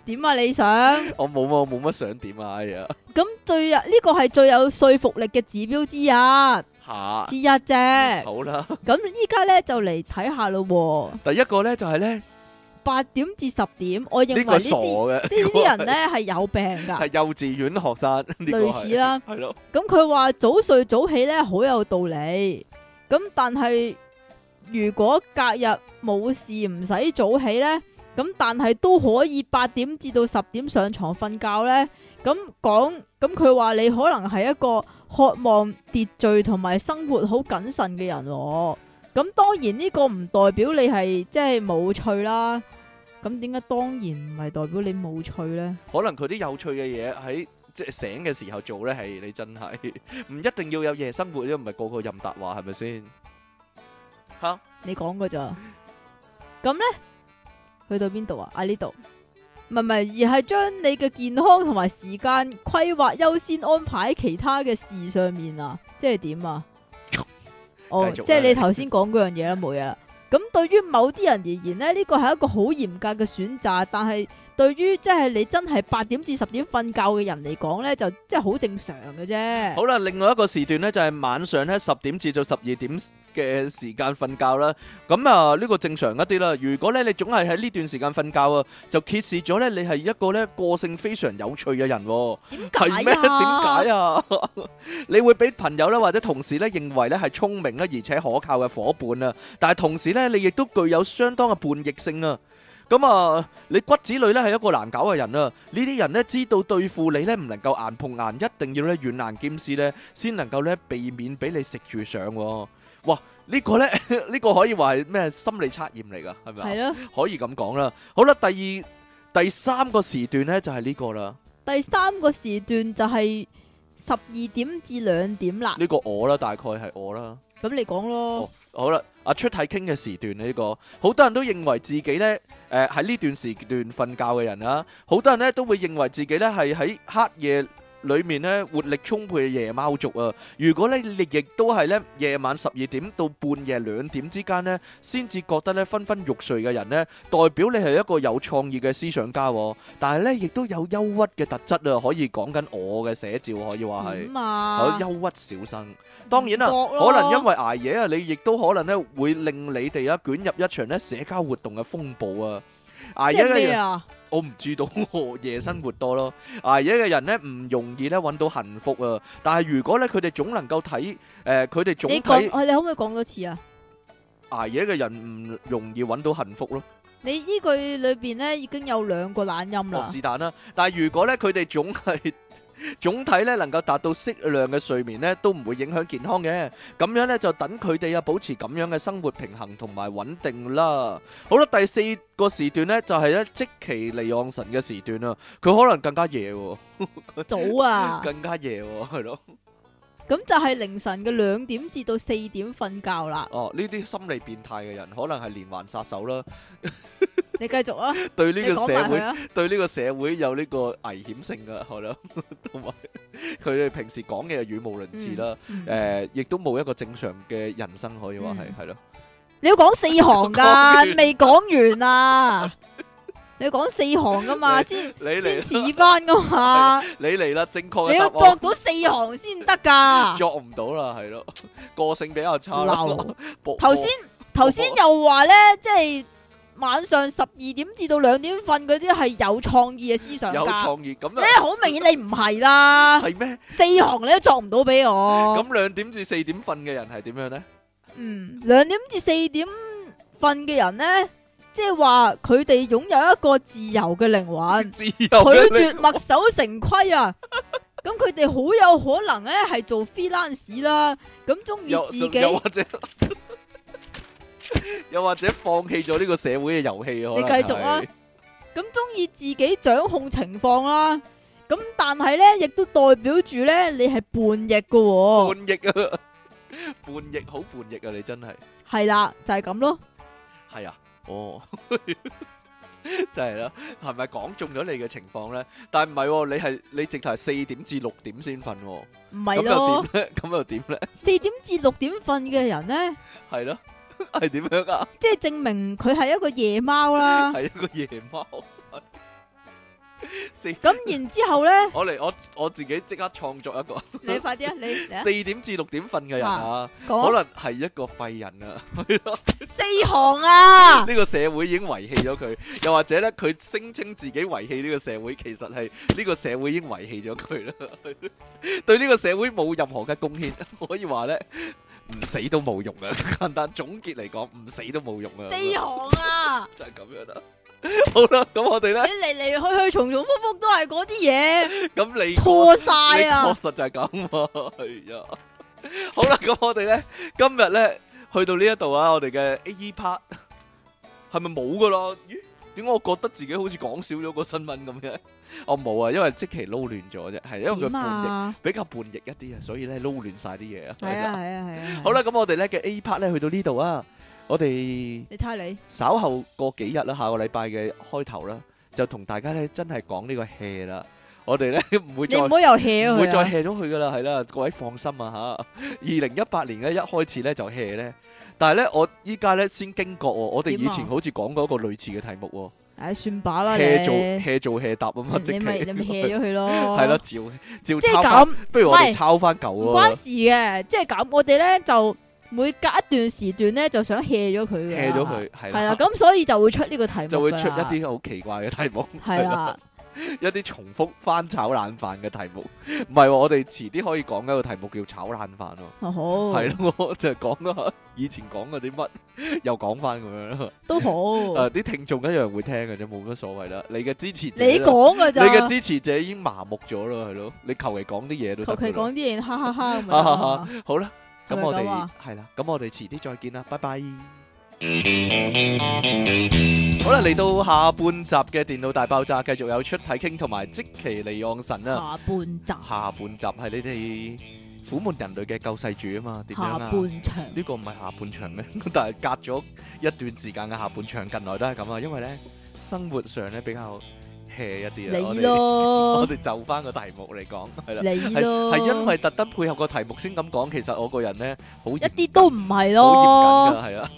點啊你想？我冇啊，冇乜想點啊，哎呀，咁最啊呢個係最有說服力嘅指標之一。啊，日、嗯、好一好啦，咁依家咧就嚟睇下咯。第一個咧就係咧八點至十點，我認為人呢啲呢啲人咧係有病噶，係幼稚園學生、這個、類似啦，係咯 的。咁佢話早睡早起咧好有道理，咁但係如果隔日冇事唔使早起咧，咁但係都可以八點至到十點上床瞓覺咧，咁講咁佢話你可能係一個渴望秩序同埋生活好謹慎嘅人，咁當然呢個唔代表你係即係冇趣啦。咁點解當然唔係代表你冇趣咧？可能佢啲有趣嘅嘢，喺即係醒嘅時候做咧，係你真係唔一定要有夜生活，因為唔係個個任達話係咪先？吓，你講過咋，咁咧去到邊度啊？喺呢度。唔係而係將你嘅健康同埋時間規劃優先安排喺其他嘅事上面啊，即係點啊？哦、 oh, 啊，即係你頭先講嗰樣嘢啦，冇嘢啦。咁對於某啲人而言咧，呢個係一個好嚴格嘅選擇，但係。對於即係你真係八點至十點瞓覺嘅人嚟講呢就即係好正常嘅啫。好啦，另外一個時段呢，就係、是、晚上咧十點至到十二點嘅時間瞓覺啦。咁啊呢、呢個正常一啲啦。如果咧你總係喺呢段時間瞓覺啊，就揭示咗咧你係一個咧個性非常有趣嘅人。點解啊？點解啊？啊 你會俾朋友咧或者同事咧認為咧係聰明咧而且可靠嘅伙伴啊。但係同時呢，你亦都具有相當嘅叛逆性啊。咁啊、嗯，你骨子裏咧係一個難搞嘅人啊！呢啲人咧知道對付你咧唔能夠硬碰硬，一定要咧軟硬兼施咧，先能夠咧避免俾你食住上。哇！這個、呢個咧呢個可以話係咩心理測驗嚟噶，係咪啊？係咯，可以咁講啦。好啦，第二、第三個時段咧就係呢個啦。第三個時段就係十二點至兩點啦。呢個我啦，大概係我啦。咁你講咯。哦好啦，阿出體傾嘅時段呢？呢、呢個好多人都認為自己呢誒喺呢段時段瞓覺嘅人啦、啊，好多人呢都會認為自己呢係喺黑夜裏面咧活力充沛嘅夜貓族啊！如果咧你亦都係咧夜晚十二點到半夜兩點之間咧，先至覺得咧昏昏欲睡嘅人咧，代表你係一個有創意嘅思想家，但係咧亦都有憂鬱嘅特質啊！可以講緊我嘅寫照可以話係，好憂鬱小生。當然啦，可能因為捱夜啊，你亦都可能咧會令你哋啊捲入一場咧社交活動嘅風暴啊！捱夜嘅人，爺爺啊、我唔知道。我夜生活多咯，捱夜嘅人咧唔容易咧揾到幸福啊！但係如果咧佢哋總能夠睇，誒佢哋總睇，你講，我哋可唔可以講多次啊？捱夜嘅人唔容易揾到幸福咯。你呢句裏邊咧已經有兩個懶音啦。是但啦，但係如果咧佢哋總係。總體咧能夠達到適量嘅睡眠咧，都唔會影響健康嘅。咁樣咧就等佢哋啊保持咁樣嘅生活平衡同埋穩定啦。好啦，第四個時段咧就係咧積淇離岸神嘅時段啦。佢可能更加夜，早啊，更加夜係咯。咁就係凌晨嘅兩點至到四點瞓覺啦。哦，呢啲心理變態嘅人可能係連環殺手啦。你繼續啊！對呢個社會，對呢個社會有呢個危險性噶，係咯，同埋佢哋平時講嘅嘢語無倫次啦。誒，亦都冇一個正常嘅人生可以話係，係咯。你要講四行噶，未講完啊！你要講四行噶嘛，先你先遲翻噶嘛。你嚟啦，正確。你要作到四行先得噶，作唔到啦，係咯，個性比較差啦。頭先頭先又話咧，即係。晚上十二點至到兩點瞓嗰啲係有創意嘅思想家，有創意咁樣，好明顯你唔係啦，係咩？四行你都作唔到俾我。咁兩點至四點瞓嘅人係點樣呢？嗯，兩點至四點瞓嘅人呢，即係話佢哋擁有一個自由嘅靈魂，拒絕墨守成規啊！咁佢哋好有可能咧，係做 freelancer 啦，咁中意自己。又或者放棄咗呢個社會嘅遊戲，你繼續啦。咁中意自己掌控情況啦。咁但係咧，亦都代表住咧，你係叛逆嘅喎。叛逆啊，叛逆好叛逆啊！你真係係啦，就係咁咯。係啊，哦，就係啦。係咪講中咗你嘅情況咧？但係唔係，你係你直頭係四點至六點先瞓。唔係咯？咁又點咧？咁又點咧？四點至六點瞓嘅人咧，係咯。係點樣㗎？即係證明佢係一個夜貓啦，係一個夜貓。咁 四 然之後呢，我嚟我我自己即刻創作一個。你快啲啊！你四點至六點瞓嘅人啊，啊可能係一個廢人啊。 四行啊！呢個社會已經遺棄咗佢，又或者呢，佢聲稱自己遺棄呢個社會，其實係呢個社會已經遺棄咗佢啦。 對呢個社會冇任何嘅貢獻，可以話呢。唔死都冇用啊！簡單總結嚟講，唔死都冇用啊！四行啊，就係咁樣啦。好啦，咁我哋咧，你嚟嚟去去，重重複複都係嗰啲嘢。咁你錯晒啊！確實就係咁啊！係呀。好啦，咁我哋咧，今日咧，去到呢一度啊，我哋嘅 A E Part 係咪冇噶咯？點解我覺得自己好似講少咗個新聞咁嘅？我冇啊，因為即期撈亂咗啫，係因為佢叛逆，啊、比較叛逆一啲啊，所以咧撈亂晒啲嘢啊。係啊係啊係啊！好啦，咁我哋咧嘅 A part 咧去到呢度啊，我哋你睇下你稍後過幾日啦，下個禮拜嘅開頭啦，就同大家咧真係講呢個 hea 啦。我哋咧唔會再唔好又會再 hea 咗佢噶啦。係啦， 各位放心啊吓。二零一八年咧一開始咧就 hea 咧。但係咧，我依家咧先驚覺、哦，我我哋以前好似講過一個類似嘅題目喎、哦哎。算把啦，你。hea 做 hea 做 hea 答啊嘛，即係你咪 hea 咗佢咯、 嗯。係咯，照照樣。即係咁，不如我哋抄翻舊咯。唔關事嘅，即係咁，我哋咧就每隔一段時段咧就想 hea 咗佢，hea 咗佢，係啦。咁所以就會出呢個題目，就會出一啲好奇怪嘅題目。係啦。一啲重複翻炒冷飯嘅題目，唔係喎，我哋遲啲可以講一個題目叫炒冷飯咯，係咯，就係講啊好，是咯 以前講嗰啲乜又講翻咁樣都好，誒、 啊，啲聽眾一樣會聽嘅啫，冇乜所謂啦，你嘅支持，你講噶咋，你嘅支持者已經麻木咗咯，係咯，你求其講啲嘢都得，求其講啲嘢，哈哈哈，哈， 好啦，咁、啊、我哋係啦，咁我哋遲啲再見啦，拜拜。好啦，嚟到下半集嘅電腦大爆炸，繼續有出體 king 同埋積淇離岸神啊。下半集，下半集係你哋苦悶人類嘅救世主啊嘛？點樣啊？下半場，呢個唔係下半場咩？ 但係隔咗一段時間嘅下半場，近來都係咁啊，因為咧生活上咧比較。hea 一啲啊！我哋我哋就翻個題目嚟講，係啦，你咯，係因為特登配合個題目先咁講。其實我個人咧，好一啲都唔係咯，好嚴謹噶係啊！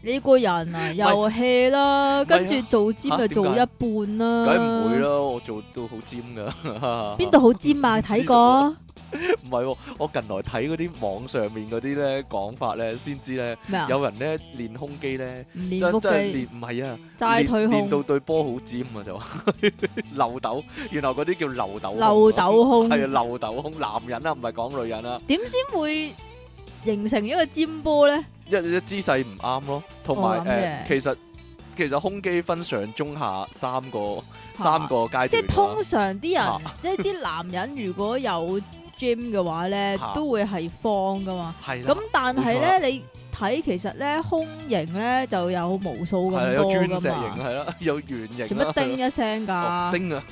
你個人啊，又 hea 啦，跟住做尖就做一半啦，梗唔會咯，我做都好尖噶，邊度好尖啊？睇過。唔係喎，我近來睇嗰啲網上面嗰啲咧講法咧，先知咧有人咧練胸肌咧，真真係練唔係啊，練到對波好尖啊就漏斗，原來嗰啲叫漏斗漏斗胸，係啊漏斗胸，男人啊唔係講女人啊，點先會形成一個尖波咧？一一姿勢唔啱咯，同埋誒，其實其實胸肌分上中下三個三個階段，即係通常啲人即係啲男人如果有。Gym 嘅話咧行 都會係方噶嘛，咁的、嗯、但係咧沒錯 你睇其實咧胸型咧就有無數咁多噶嘛，係咯，有圓形，做乜叮一聲㗎？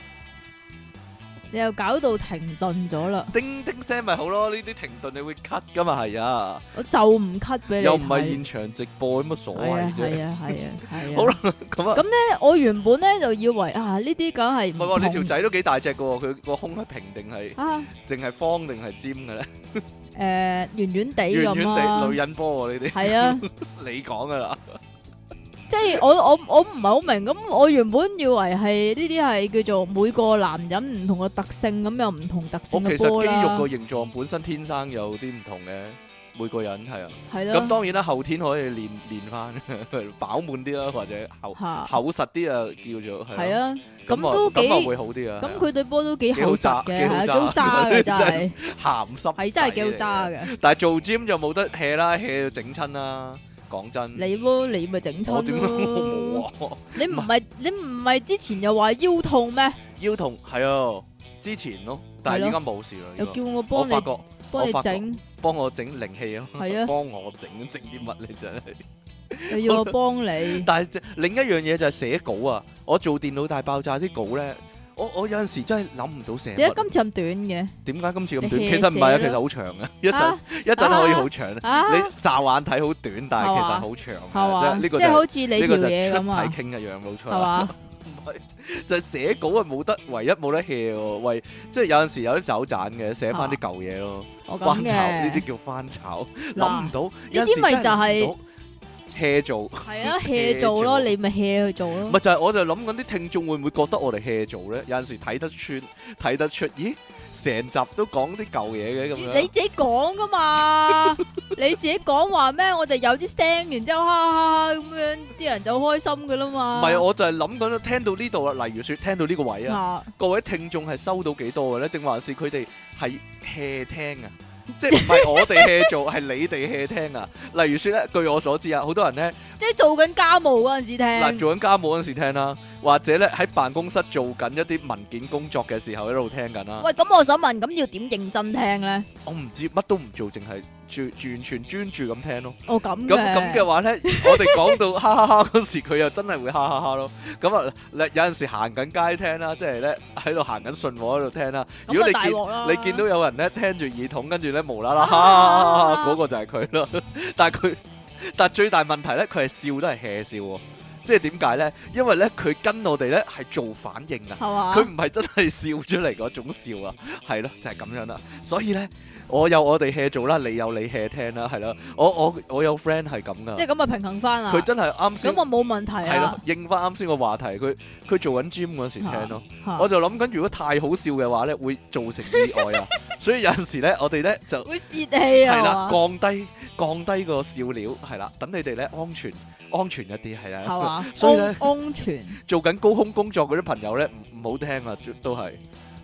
你又搞到停頓咗啦？叮叮聲咪好咯？呢啲停頓你會 cut 噶嘛？係啊，我就唔 cut 俾你。又唔係現場直播，有乜所謂啫。係啊，係啊，係啊。好啦，咁啊。咁咧，我原本咧就以為啊，呢啲梗係唔係？你條仔都幾大隻噶？佢個胸係平定係啊？淨係方定係尖嘅咧？誒，圓圓地咁啊！女人波呢啲係啊？你講噶啦。即係我我我唔係好明，咁，我原本以為係呢啲係叫做每個男人唔同嘅特性，咁又唔同特性嘅波啦。我其實肌肉個形狀本身天生有啲唔同嘅，每個人係啊，咁是的 當然啦，後天可以練練翻飽滿啲啦，或者厚厚是的 實啲啊，叫做係啊。咁都幾會好啲啊！咁佢對波都幾好揸嘅，幾好揸嘅，真係鹹濕，係真係幾好揸嘅。但係做 gym 就冇得 hea 啦，hea 就整親啦。講真，你喎你咪整錯咯，你唔係你唔係之前又話腰痛咩？腰痛係啊，之前咯，但係而家冇事啦。又叫我幫你，我發覺幫你整，幫我整靈氣啊，係啊，幫我整整啲乜咧真係，又要我幫你。但係另一樣嘢就係寫稿啊，我做電腦大爆炸啲稿咧。我我有陣時真係諗唔到寫。點解今次咁短嘅？點解今次咁短？其實唔係啊，其實好長啊，一陣一陣可以好長啊。你乍眼睇好短，但係其實好長嘅。即係好似你係呢個就係傾偈傾嘅樣，冇錯就係嘛？寫稿係冇得，唯一冇得 hea 喎。即係有陣時有啲走盞嘅，寫翻啲舊嘢咯。翻炒呢啲叫翻炒。諗唔到，呢啲咪就係。hea 做係啊，hea 做咯，你咪 hea 去做咯。咪就係，我就諗緊啲聽眾會唔會覺得我哋 hea 做咧？有陣時睇得穿，睇得出，咦？成集都講啲舊嘢嘅咁樣。你自己講噶嘛？你自己講話咩？我哋有啲聲，然之後哈哈咁樣，啲人就開心噶啦嘛。唔係，我就係諗緊聽到呢度啊，例如説聽到呢個位啊，各位聽眾係收到幾多嘅咧？定還是佢哋係 hea 聽啊？即係唔係我哋 hea 做，係 你哋 hea 聽啊！例如說咧，據我所知啊，好多人咧，即係做緊家務嗰陣時聽，嗱做緊家務嗰陣時聽啦。或者咧喺辦公室做緊一啲文件工作嘅時候，喺度聽緊啦。喂，咁我想問，咁要點認真聽咧？我唔知，乜都唔做，淨係完全專注咁聽咯。哦，咁嘅咁咁嘅話咧，我哋講到哈哈哈嗰時，佢又真係會哈哈哈咯。咁啊，有陣時行緊街聽啦，即係咧喺度行緊信和喺度聽啦。咁都大鑊啦！如果你見，你見到有人咧聽住耳筒，跟住咧無啦啦，「哈哈」嗰個就係佢咯。但係佢，但係最大問題咧，佢係笑都係 hea 笑。即係點解呢？因為呢，佢跟我哋呢係做反應㗎，佢唔係真係笑出嚟嗰種笑啊，係 咯，就係、是、咁樣啦，所以呢。我有我哋 hea 做啦，你有你 hea 聽啦，係啦，我我我有 friend 係咁噶，即係咁啊平衡翻啊，佢真係啱先，咁我冇問題啊，係咯，應翻啱先個話題，佢佢做緊 gym 嗰陣時聽咯，啊、我就諗緊如果太好笑嘅話咧，會造成意外啊， 所以有陣時咧，我哋咧就會泄氣，係啦，降低降低個笑料，係啦，等你哋咧安全安全一啲係啊，係吧 所以咧呢、嗯、安全做緊高空工作嗰啲朋友咧唔唔好聽啊，都係。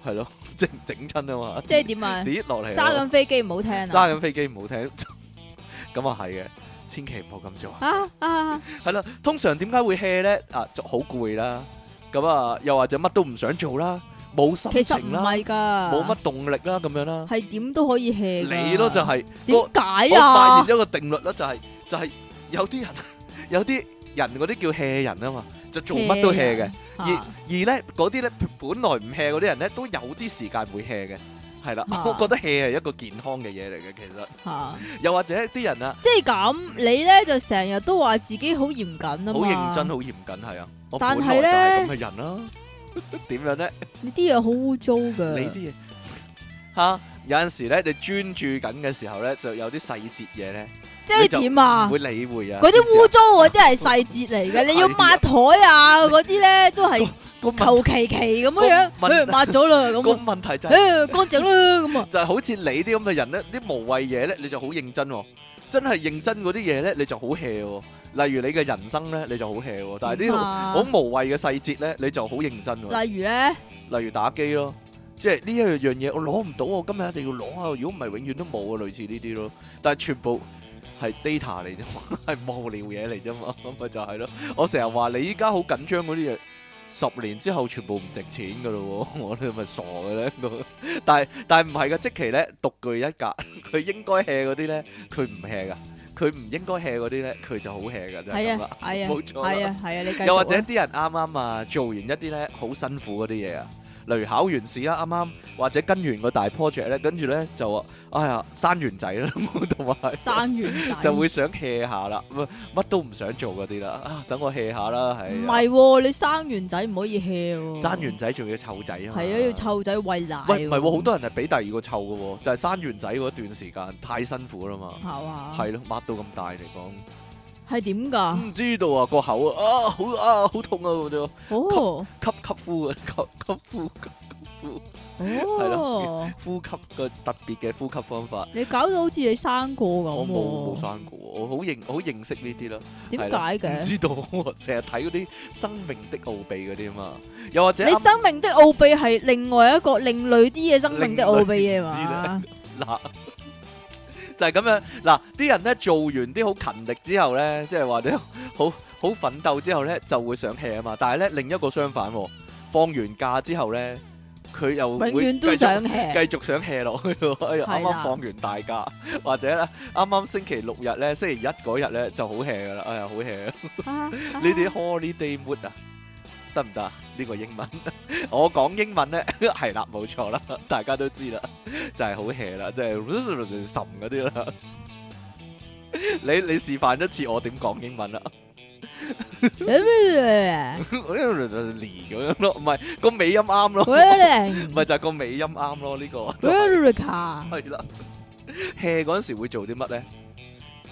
係咯，即係整親啊嘛！即係點啊？跌落嚟，揸緊飛機唔好聽。揸緊飛機唔好聽，咁啊係嘅，千祈唔好咁做。啊啊，係啦，通常點解會 hea 咧？啊，就好攰啦，咁啊，又或者乜都唔想做啦，冇心情啦，唔係㗎，冇乜動力啦，咁樣啦，係點都可以 hea。你咯就係，點解啊？我發現咗個定律啦，就係就係有啲人，有啲人嗰啲叫 hea 人啊嘛。就做乜都 hea 嘅、啊，而而咧嗰啲咧，本來唔 hea 嗰啲人咧，都有啲時間會 hea 嘅，係啦。啊、 我覺得 hea 係一個健康嘅嘢嚟嘅，其實嚇。啊、又或者啲人啊，即係咁，你咧就成日都話自己好嚴謹啊嘛，好認真，好嚴謹係啊。但係咧咁嘅人咯，點樣咧？呢啲嘢好污糟噶。你啲嘢嚇，有陣時咧，你專注緊嘅時候咧，就有啲細節嘢咧。即係點啊？唔會理會啊！嗰啲污糟嗰啲係細節嚟嘅，你要抹台啊，嗰啲咧都係求其其咁樣樣，誒抹咗啦咁。個問題就係乾淨啦咁啊！就係好似你啲咁嘅人咧，啲無謂嘢咧，你就好認真，真係認真嗰啲嘢咧，你就好 hea。例如你嘅人生咧，你就好 hea。但係呢好無謂嘅細節咧，你就好認真。例如咧，例如打機咯，即係呢一樣嘢，我攞唔到，我今日一定要攞啊！如果唔係，永遠都冇啊。類似呢啲咯，但係全部。係 data 嚟啫嘛，係無聊嘢嚟啫嘛，咪就係咯。我成日話你依家好緊張嗰啲嘢，十年之後全部唔值錢噶咯喎，我哋咪傻嘅咧。 但係但係唔係噶，積淇咧獨具一格，佢應該 hea 嗰啲咧，佢唔 hea 噶，佢唔應該 hea 嗰啲咧，佢就好 hea 噶。係啊，係啊，冇錯，係啊，係啊，啊，你又或者啲人啱啱啊，做完一啲咧好辛苦嗰啲嘢啊。例如考完試啦，啱啱或者跟完個大 project 咧，跟住咧就話，哎呀生完仔啦，冇動物生完仔 就會想 hea 下啦，乜都唔想做嗰啲啦，啊等我 hea 下啦係。唔係、啊哦，你生完仔唔可以 hea 喎、啊。生完仔仲要湊仔啊嘛。係啊，要湊仔為奶餵奶。喂唔係，好多人係俾第二個湊噶，就係、是、生完仔嗰段時間太辛苦啦嘛。係下啊。係咯，擘到咁大嚟講。係點噶？唔知道啊！個口啊，好啊好啊好痛啊！我、那、哋、個 oh. 吸吸吸呼吸吸呼吸呼哦，係咯、oh.，呼吸個特別嘅呼吸方法。你搞到好似你生過咁，啊。我冇冇生過，我好認我好認識呢啲啦。點解嘅？唔知道，啊，成日睇嗰啲《生命的奧秘》嗰啲啊嘛。又或者剛剛你《生命的奧秘》係另外一個另類啲嘅《生命的奧秘》嘅話。 就係咁樣，嗱啲人咧做完啲好勤力之後咧，即係話啲好好奮鬥之後咧，就會想 hea 啊嘛。但係咧另一個相反，放完假之後咧，佢又永遠都想 hea，繼續想 hea 落去咯。哎呀，啱啱放完大假，或者咧啱啱星期六日咧，星期一嗰日咧就好 hea 㗎喇。哎呀，好 hea 啊！呢啲 holiday mood 啊！得唔得？呢個英文，我講英文咧，係啦，冇錯啦，大家都知啦，就係好 hea 啦，即係什嗰啲啦。你你示範一次我點講英文啦？咁樣咯，唔係個尾音啱咯，唔係就係個尾音啱咯呢個。係啦，hea 嗰陣時會做啲乜咧？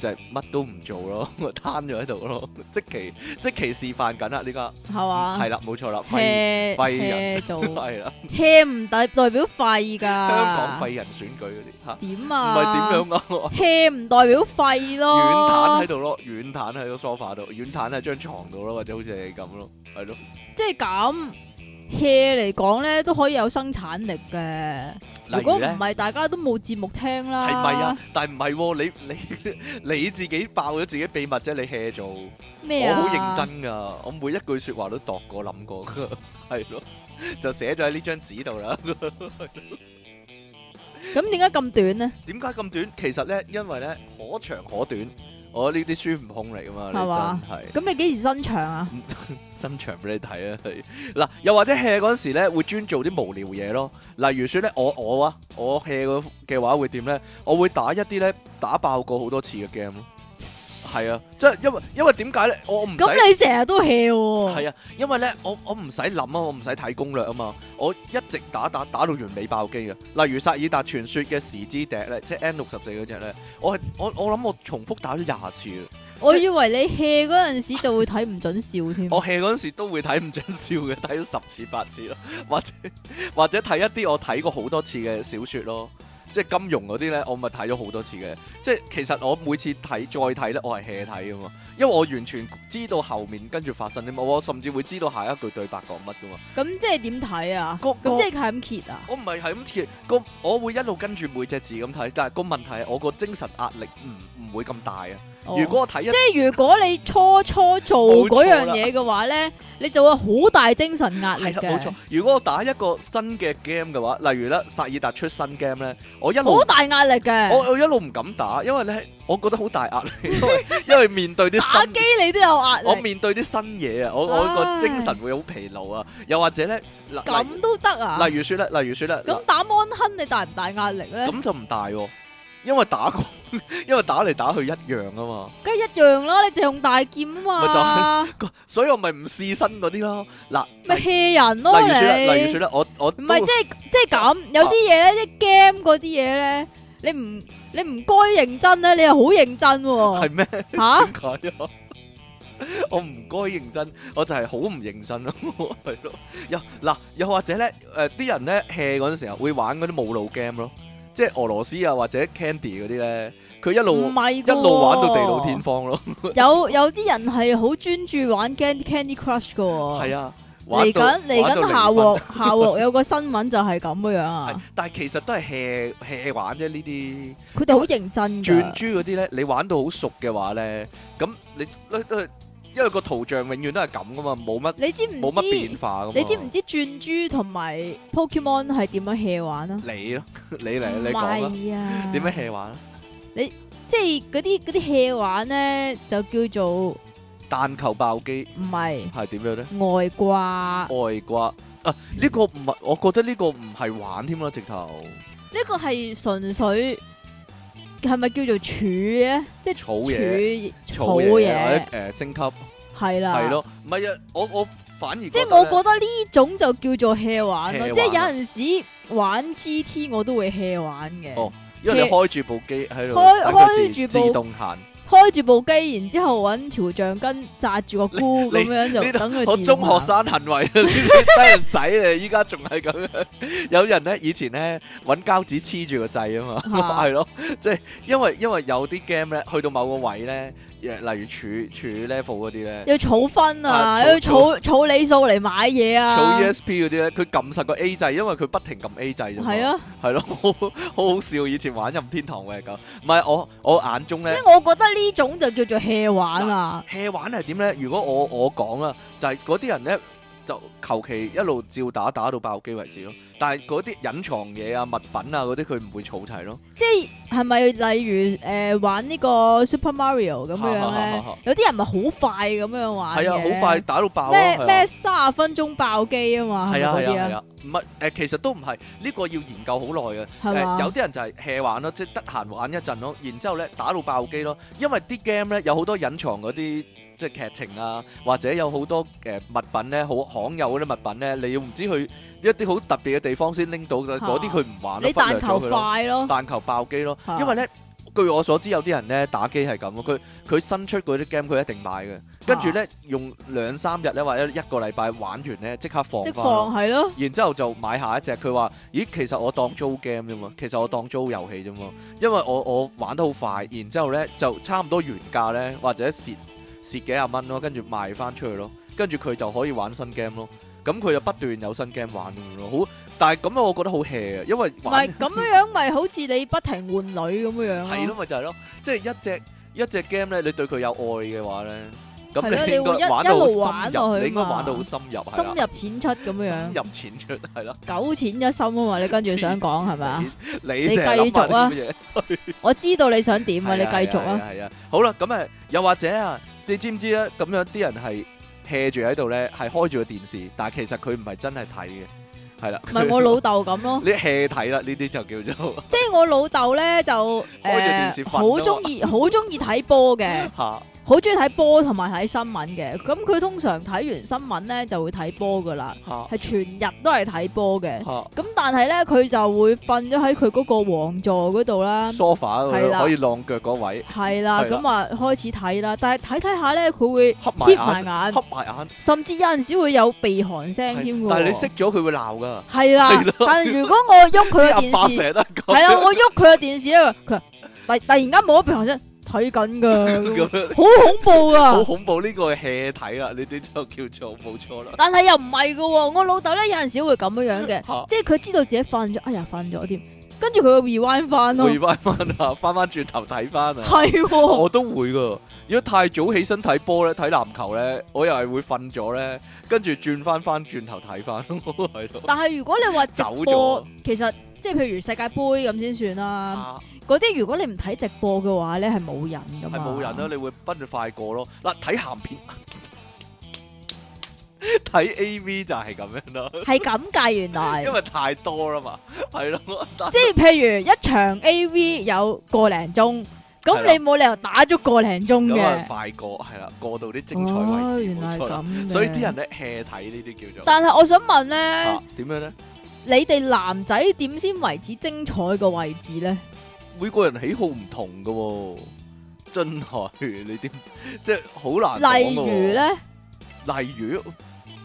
就係乜都唔做咯，攤咗喺度咯，即其即其示範緊啦，呢個係嘛？係啦吧，冇、嗯、錯啦，廢，廢人做廢啦 hea 唔代代表廢㗎， 香港廢人選舉嗰啲嚇點啊？唔係點樣啊 hea 唔代表廢咯，軟攤喺度咯，軟攤喺個梳化度，軟攤喺張床度咯，或者好似你咁咯，係咯，即係咁。hea 嚟講咧，都可以有生產力嘅，如果唔係大家都冇節目聽啦。係咪啊？但係唔係，你你你自己爆咗自己秘密啫，你 hea 做咩啊？我好認真噶，我每一句說話都度過諗過，係 咯，就寫咗喺呢張紙度啦。咁點解咁短呢？點解咁短？其實咧，因為咧可長可短。我呢啲孫悟空嚟噶嘛，係嘛吧？咁你幾時伸長啊？伸長俾你睇啊！嗱，又或者 hea 嗰時咧，會專做啲無聊嘢咯。例如說咧，我我啊，我 hea 嘅話會點咧？我會打一啲咧打爆過好多次嘅 game 係啊，即係因為因為點解咧？我唔咁你成日都 hea 喎。係啊，因為咧我我唔使諗啊，我唔使睇攻略啊嘛，我一直打打打到完美爆機嘅。例如《薩爾達傳說》嘅時之笛咧，即係 N 六十四嗰隻咧，我係我我諗我重複打咗廿次啦。我以為你 hea 嗰陣時就會睇唔准笑添。 我 hea 嗰陣時都會睇唔准笑嘅，睇咗十次八次咯，或者或者睇一啲我睇過好多次嘅小說咯。即係金融嗰啲咧，我咪睇咗好多次嘅。即係其實我每次睇再睇咧，我係 hea 睇噶嘛，因為我完全知道後面跟住發生啲乜，我甚至會知道下一句對白講乜噶嘛。咁即係點睇啊？咁即係係咁揭啊？我唔係係咁揭。個，我會一路跟住每隻字咁睇，但係個問題係我個精神壓力唔唔會咁大啊。Oh，如果我睇一，即係如果你初初做嗰 錯了 樣嘢嘅話咧，你就會好大精神壓力冇錯 如果我打一個新嘅 game 嘅話，例如咧，薩爾達出新 game 咧，我一路好大壓力嘅。我我一路唔敢打，因為咧，我覺得好大壓力，因為， 因為面對啲 打機你都有壓力。我面對啲新嘢啊，我唉 我個精神會好疲勞啊，又或者咧，咁都得啊，例。例如說咧，例如說咧，咁打摩亨你大唔大壓力咧？咁就唔大，啊。因為打過，因為打嚟打去一樣啊嘛，梗係一樣啦，你淨用大劍啊嘛，就 所以我咪唔試身嗰啲咯。嗱，咪氣人咯、啊、你。例如，例如，我我唔係即係即係咁，有啲嘢咧，即係 game 嗰啲嘢咧，你唔你唔該認真咧，你又好認真喎。係咩？吓？點解 我唔該認真，我就係好唔認真咯，係 咯。又嗱，又或者咧，誒、呃，啲人咧氣嗰陣時候會玩嗰啲冇腦 game 咯。即係俄羅斯啊，或者 Candy 嗰啲咧，佢一路、哦、一路玩到地老天荒咯 有。有有啲人係好專注玩 Candy Candy Crush 噶喎、哦。係啊，嚟緊嚟緊下鑊下鑊有個新聞就係咁嘅樣啊。 但係其實都係 hea hea 玩啫，為為呢啲。佢哋好認真。轉珠嗰啲咧，你玩到好熟嘅話咧，咁你、呃呃呃因為個圖像永遠都係咁噶嘛，冇乜冇乜變化噶嘛。你知唔知轉珠同埋 Pokemon 係點樣戲玩啊？你咯，你嚟，你講啦。點樣戲玩啊？你即係嗰啲嗰啲戲玩咧，就叫做但求爆機。唔係，係點樣咧？外掛。外掛啊！呢個唔係，我覺得呢個唔係玩添囉，直頭。呢個係純粹。係咪叫做儲嘅？即係儲嘢，儲嘢，嘢，誒、呃，升級係啦，係咯，唔係啊，我我反而即係我覺得呢種就叫做 hea 玩咯，玩啊，即係有陣時玩 GT 我都會 hea 玩嘅。哦，因為你開住部機喺度，開開住部自動行。開住部機，然之後搵條橡筋紮住個箍咁你樣就等佢自動。我中學生行為啊，啲僆仔啊，依家仲係咁。有人咧，以前咧搵膠紙黐住個掣啊嘛，係 咯，即係因為因為有啲 game 咧，去到某個位咧。例如儲儲 level 嗰啲咧，要儲分啊，要儲儲理數嚟買嘢啊，儲 ESP 嗰啲咧，佢撳實個 A 掣，因為佢不停撳 A 掣啫嘛。係啊，係咯，好好笑。以前玩任天堂嘅狗，唔係我我，我眼中咧，因為我覺得呢種就叫做 hea 玩啊。hea 玩係點咧？如果我我講啊，就係嗰啲人咧。就求其一路照打打到爆機為止咯，但係嗰啲隱藏嘢啊、物品啊嗰啲佢唔會儲齊咯。即係係咪例如誒、呃、玩呢個 Super Mario 咁樣咧？哈哈哈哈，有啲人咪好快咁樣玩嘅。係啊，好快打到爆啊！咩三十分鐘爆機啊嘛？係啊係啊係啊！唔係誒，其實都唔係呢個要研究好耐嘅。有啲人就係 hea 玩咯，即係得閒玩一陣咯，然之後咧打到爆機咯。因為啲 game 咧有好多隱藏嗰啲。即係劇情啊，或者有好多誒、呃、物品咧，好罕有嗰啲物品咧，你要唔知去一啲好特別嘅地方先拎到嘅，嗰啲佢唔玩咯，忽略咗佢咯。但求快咯，但求爆機咯。啊、因為咧，據我所知有啲人咧打機係咁佢，佢新出嗰啲 game 佢一定買嘅，跟住咧用兩三日咧或者一個禮拜玩完咧即刻放。即放係咯。然之後就買下一隻，佢話：咦，其實我當租 game 啫嘛，其實我當租遊戲啫嘛，因為我我，我玩得好快，然之後咧就差唔多原價咧或者蝕。蝕幾廿蚊咯，跟住賣翻出去咯，跟住佢就可以玩新 game 咯。咁佢就不斷有新 game 玩咯。好，但係咁樣我覺得好 hea 啊，因為唔係咁樣樣，咪好似你不停換女咁樣樣咯。係咯，咪就係咯，即係一隻一隻 game 咧，你對佢有愛嘅話咧，咁你會一路玩落去。你應該玩到好深入，深入淺出咁樣樣，入淺出係咯，九淺一深啊嘛，你跟住想講係咪啊？你繼續啊！我知道你想點啊！你繼續啊！係啊，好啦，咁啊，又或者啊～你知唔知咧？咁樣啲人係 hea 住喺度咧，係開住個電視，但係其實佢唔係真係睇嘅，係啦。咪唔係我老豆咁咯。爸爸 你 hea 睇啦，呢啲就叫做即爸爸。即係我老豆咧就，開住電視誒、呃，好中意好中意睇波嘅。 好中意睇波同埋睇新聞嘅，咁佢通常睇完新聞咧就會睇波噶啦，係全日都係睇波嘅。咁但係咧佢就會瞓咗喺佢嗰個皇座嗰度啦，sofa 係啦，可以晾腳嗰位係啦，咁啊開始睇啦。但係睇睇下咧，佢會黑埋眼，黑埋眼，甚至有陣時會有鼻鼾聲添嘅。但係你熄咗佢會鬧噶，係啦。但係如果我喐佢嘅電視，係啊，我喐佢嘅電視啊，佢，但突然間冇咗鼻鼾聲。睇緊嘅， 好恐怖啊！ 好恐怖呢、呢個 hea 睇啊，呢啲就叫做冇錯啦。錯但係又唔係嘅喎，我老豆咧有陣時會咁樣樣嘅，啊、即係佢知道自己瞓咗，哎呀，瞓咗點，跟住佢會 rewind 翻咯 rewind 翻啊，翻翻轉頭睇翻啊，係喎， 是哦、我都會嘅。如果太早起身睇波咧，睇籃球咧，我又係會瞓咗咧，跟住轉翻翻轉頭睇翻咯，喺度。 但係如果你話直播，久了 其實即係譬如世界盃咁先算啦。啊嗰啲如果你唔睇直播嘅話咧，係冇人噶嘛。係冇人啦，你會奔住快過咯。嗱，睇鹹片睇 A V 就係咁樣咯，係咁計原來。因為太多啦嘛，係咯，即係譬如一場 A V 有個零鐘，咁你冇理由打足個零鐘嘅。快過係啦，過到啲精彩位置，原來係咁。所以啲人咧 hea 睇呢啲叫做。但係我想問咧，點樣咧？你哋男仔點先為止精彩嘅位置咧？每個人喜好唔同噶，真係你點，即係好難。例如咧，例如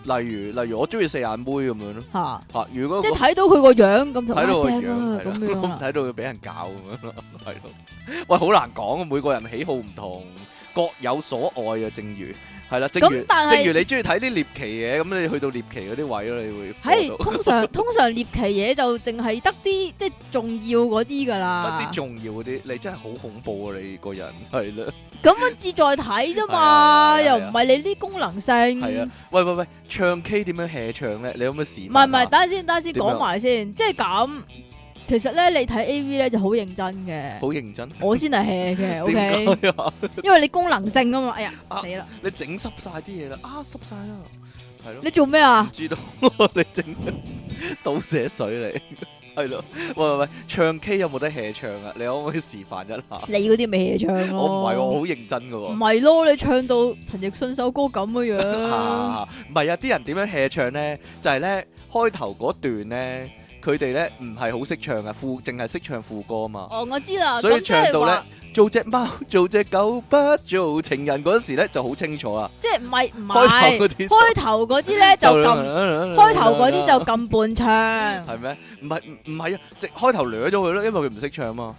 例如例如我中意四眼妹咁樣咯。吓吓哈，如果、那個、即係睇到佢個樣，咁就睇到個樣正啦。咁樣睇、啊、到佢俾人搞咁樣咯。係 咯，喂，好難講，每個人喜好唔同，各有所愛啊，正如。係啦，正如但是正如你中意睇啲獵奇嘢，咁你去到獵奇嗰啲位，你會係的通常 通常獵奇嘢就淨係得啲即係重要嗰啲噶啦。啲重要嗰啲，你真係好恐怖啊！你個人係啦。咁咪 自在睇啫嘛，又唔係你啲功能性。係啊，喂喂喂,喂，唱 K 點樣 hea 唱咧？你有冇事？唔係唔係，等下先，等下先講埋先，即係咁。其實咧，你睇 A V 咧就好認真嘅，好認真。我先係 hea 嘅，O K。因為你功能性啊嘛，哎呀，死啦！你整濕晒啲嘢啦，啊，濕晒啦，係咯。你做咩啊？唔知道，你整倒瀉水嚟，係咯。喂喂喂，唱 K 有冇得 hea 唱啊？你可唔可以示範一下？你嗰啲咪 hea 唱咯？我唔係，我好認真噶。唔係咯，你唱到陳奕迅首歌咁嘅樣。唔係啊，啲人點樣 hea 唱咧？就係咧開頭嗰段咧。佢哋咧唔係好識唱啊，副淨係識唱副歌嘛。哦，我知啦。所以唱到咧，做隻貓做隻狗不做情人嗰時咧就好清楚啊。即係唔係唔係？開頭嗰啲咧就撳，開頭嗰啲就撳半唱。係咩？唔係唔係啊！即係開頭掠咗佢咯，因為佢唔識唱嘛。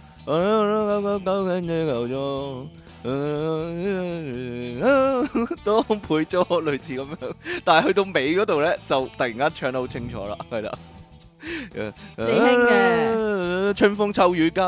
當配咗類似咁樣，但係去到尾嗰度咧就突然間唱得好清楚啦，係啦。年輕嘅，春風秋雨間，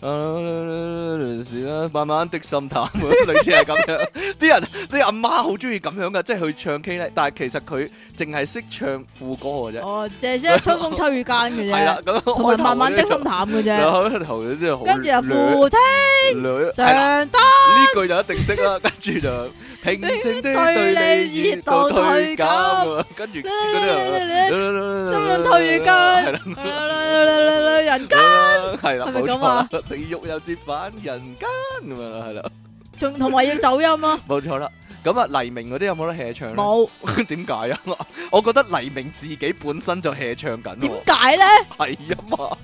啊，慢慢的心淡，類似係咁樣，啲人啲阿媽好中意咁樣噶，即係去唱 K 咧，但係其實佢淨係識唱副歌嘅啫，哦，淨係識春風秋雨間嘅啫，係啦，同埋慢慢的心淡嘅啫，跟住啊，父聽，女唱得，呢句就一定識啦，跟住就，平靜對你熱度退減，跟住嗰啲啊，春風秋雨間。係啦，係啦啦啦啦！人間係啦，係咪咁啊？地獄又折返人間咁啊，係啦。仲同埋要走音啊？冇錯啦。咁啊，黎明嗰啲有冇得 hea 唱咧？冇。點解啊？我我覺得黎明自己本身就 hea 唱緊。點解咧？係啊嘛，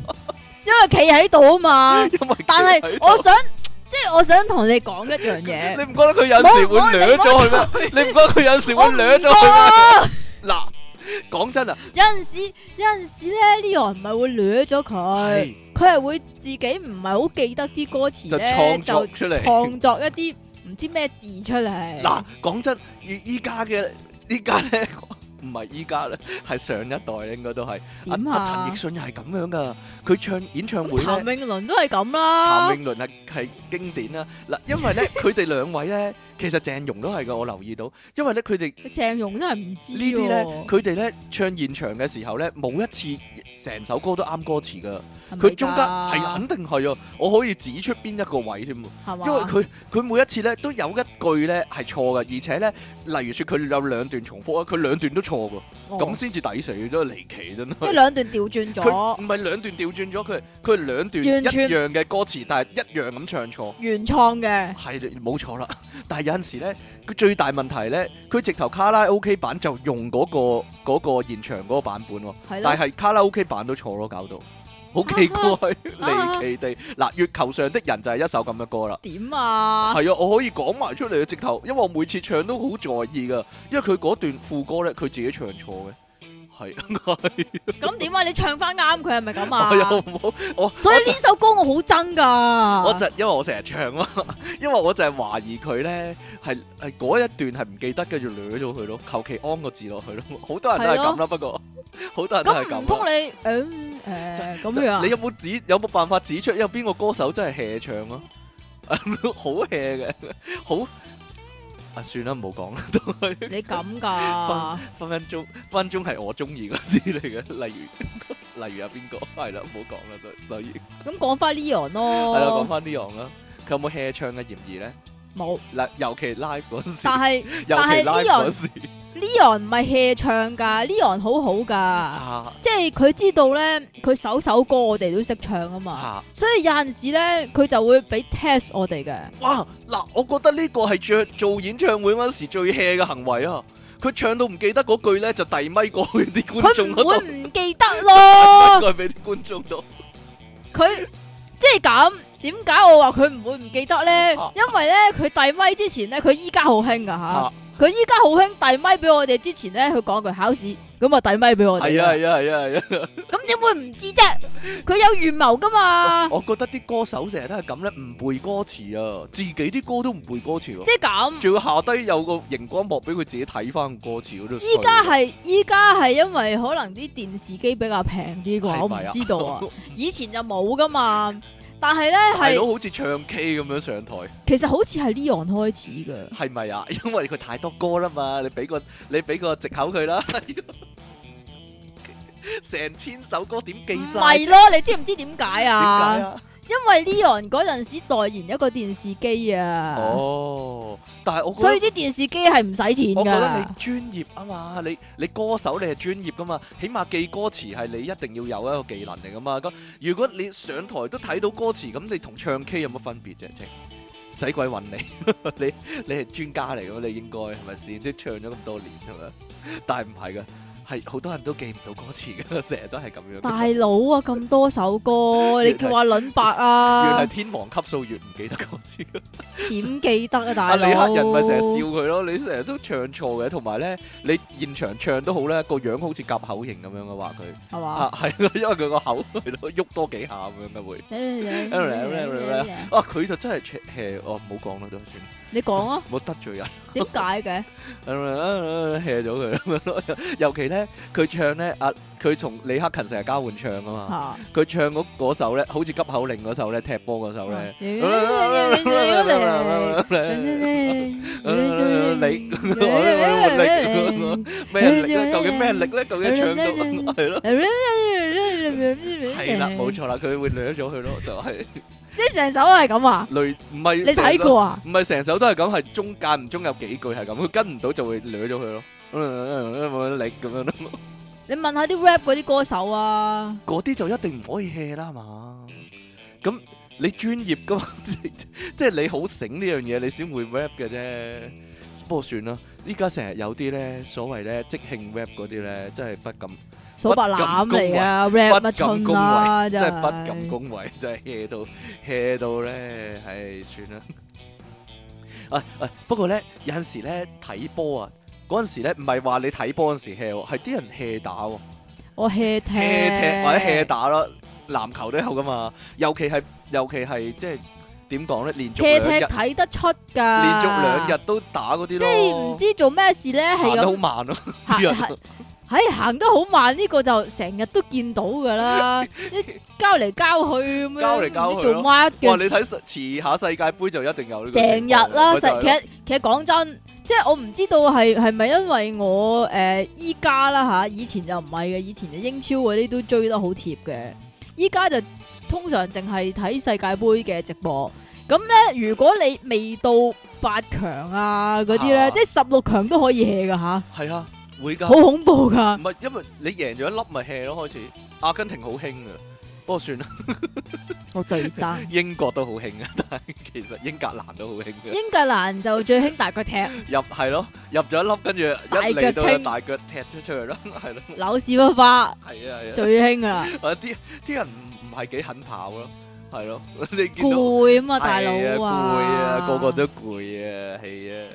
因為企喺度啊嘛。因為企喺度。但係我想，即係我想同你講一樣嘢。你唔覺得佢有時會掠咗佢咩？你唔覺得佢有時會掠咗佢咩？嗱。講真啊，有陣時有陣時咧，呢個人唔係會掠咗佢，佢係會自己唔係好記得啲歌詞咧，就創作出嚟，創作一啲唔知咩字出嚟。嗱，講真，而依家嘅依家咧，唔係依家咧，係 上一代咧，應該都係。點啊？陳奕迅又係咁樣噶，佢唱演唱會、嗯、啦。譚詠麟都係咁啦。譚詠麟係係經典啦。嗱，因為咧，佢哋兩位咧。其實鄭融都係噶，我留意到，因為咧，佢哋鄭融都係唔知呢啲咧，佢哋咧唱現場嘅時候咧，冇一次成首歌都啱歌詞噶，佢中間係、哎、肯定係啊，我可以指出邊一個位添，嗎因為佢佢每一次咧都有一句咧係錯嘅，而且咧，例如說佢有兩段重複啊，佢兩段都錯噶。咁先至抵死都離奇啦，即係兩段調轉咗，唔係兩段調轉咗，佢佢兩段一樣嘅歌詞，但係一樣咁唱錯，原創嘅係冇錯啦。但係有陣時咧，佢最大問題咧，佢直頭卡拉 OK 版就用嗰個嗰個現場嗰個版本，是的 但係卡拉 OK 版都錯咯，搞到。好奇怪 離奇地嗱、啊，月球上的人就係一首咁嘅歌啦。點啊？係啊，我可以講埋出嚟嘅，直頭，因為我每次唱都好在意㗎，因為佢嗰段副歌咧，佢自己唱錯嘅。係，咁點啊？你唱翻啱佢係咪咁啊？ 我又冇，我所以呢首歌我好憎噶。我就，我就因為我成日唱咯，因為我就係懷疑佢咧，係係嗰一段係唔記得，跟住掠咗佢咯，求其安個字落去咯。好多人都係咁啦， 嗯、不過好多人都係咁。唔通你誒誒，嗯呃、就係咁樣，啊？你有冇指有冇辦法指出有邊個歌手真係 hea 唱咯？好 hea 嘅，好。.啊，算啦，唔好講啦，都係你咁噶。分分鐘，分，分鐘係我中意嗰啲嚟嘅， 例如 例如有邊個？係 啦，唔好講啦，所所以。咁講翻 Leon 咯，係啦，講翻 Leon 啦，佢有冇 hea 唱嘅嫌疑咧？冇嗱，尤其 live 嗰時，但，但係但係 Leon，Leon 唔係 hea 唱噶，Leon 好好噶，啊、即係佢知道咧，佢首首歌我哋都識唱啊嘛，啊所以有陣時咧，佢就會俾 test 我哋嘅。哇，嗱，我覺得呢個係最做演唱會嗰時最 hea 嘅行為啊！佢唱到唔記得嗰句咧，就遞咪過去啲觀眾嗰度，唔記得咯 他，應該俾啲觀眾度，佢即係咁。點解我話佢唔會唔記得咧？啊、因為咧，佢遞咪之前咧，佢依家好興噶吓，佢依家好興遞咪俾我哋之前咧，佢講句考試咁啊，遞咪俾我哋。係啊係啊係啊係啊！咁點、啊啊、 會唔知啫？佢 有預謀噶嘛我？我覺得啲歌手成日都係咁咧，唔背歌詞啊，自己啲歌都唔背歌詞、啊。即係咁，仲要下低有個熒光幕俾佢自己睇翻、嗰個歌詞嗰度。依家係依家係因為可能啲電視機比較平啲啩，我唔知道啊。 以前就冇噶嘛。但係咧係，到好似唱 K 咁樣上台。其實好似係 Leon 開始噶，係咪啊？因為佢太多歌啦嘛，你俾個你俾個借口佢啦，成 千首歌點記載？唔係咯，你知唔知點解啊？點解啊？因為 Leon 嗰陣時代言一個電視機啊，哦，但係我覺得，所以啲電視機係唔使錢噶。我覺得你專業啊嘛，你你歌手你係專業噶嘛，起碼記歌詞係你一定要有一個技能嚟噶嘛。咁如果你上台都睇到歌詞，咁你同唱 K 有乜分別啫？清，使鬼揾你，你你係專家嚟噶嘛？你應該係咪先？即係唱咗咁多年係嘛？但係唔係噶。係好多人都記唔到歌詞嘅，成日都係咁樣。大佬啊，咁多首歌，你叫話倫伯啊？越係天王級數，越唔記得歌詞，點記得啊？大佬啊！李克勤咪成日笑佢咯，你成日都唱錯嘅，同埋咧你現場唱都好咧，個樣好似夾口型咁樣嘅話佢係嘛？係咯吧， 因為佢個口喺度喐多幾下咁樣都會。啊，佢就真係唱， 我冇講啦，都算。你講啊，冇得罪人，點解嘅？hea 咗佢，尤其咧，佢唱咧，阿佢從李克勤成日交換唱啊嘛，佢唱嗰嗰首咧，好似急口令嗰首咧，踢波嗰首咧，你我我我我咩力？究竟咩力咧？究竟唱到係咯？係啦，冇錯啦，佢會虐咗佢咯，就係。即係成首都係咁啊？雷唔係你睇過啊？唔係成首都係咁，係中間唔中有幾句係咁，佢跟唔到就會掠咗佢咯，冇力咁樣咯。你問下啲 rap 嗰啲歌手啊，嗰啲就一定唔可以 hea 啦嘛。咁你專業噶嘛？即係即係你好醒呢樣嘢，你先會 rap 嘅啫。不過算啦，依家成日有啲咧所謂咧即興 rap 嗰啲咧，真係不敢。蘿蔔籃嚟啊，rap 乜春啊，真係！真係不敢恭維，真係 hea 到 hea 到咧，係算啦。誒誒，不過咧有陣時咧睇波啊，嗰陣時咧唔係話你睇波嗰時 hea，係啲人 hea 打。我 hea 踢或者 hea 打咯，籃球都有噶嘛，尤其係尤其係即係點講咧，連續踢踢睇得出噶，連續兩日都打嗰啲咯。即係唔知做咩事咧，係咁好慢咯。.喺行、哎、得好慢呢，呢個就成日都見到噶啦，一 交嚟交去咁樣麼，你做乜嘅？你睇遲下世界杯就一定有個。成日啦，啦其實其實講真，即係我唔知道係係咪因為我誒依家啦吓，以前就唔係嘅，以前嘅英超嗰啲都追得好貼嘅，依家就通常淨係睇世界杯嘅直播。咁咧，如果你未到八強啊嗰啲咧，啊、即係十六強都可以 hea 噶吓。係啊。會好恐怖噶，唔係因為你贏咗一粒咪 hea 咯開始。阿根廷好興噶，不過算啦。我最渣。英國都好興啊，但係其實英格蘭都好興。英格蘭就最興大腳踢入係咯，入咗一粒跟住一嚟到大腳踢出出去咯，係咯。扭屎不發係啊係啊，最興噶啦。啊啲啲人唔唔係幾肯跑咯，係咯。你攰啊嘛大佬啊，攰啊，個個都攰啊，係啊。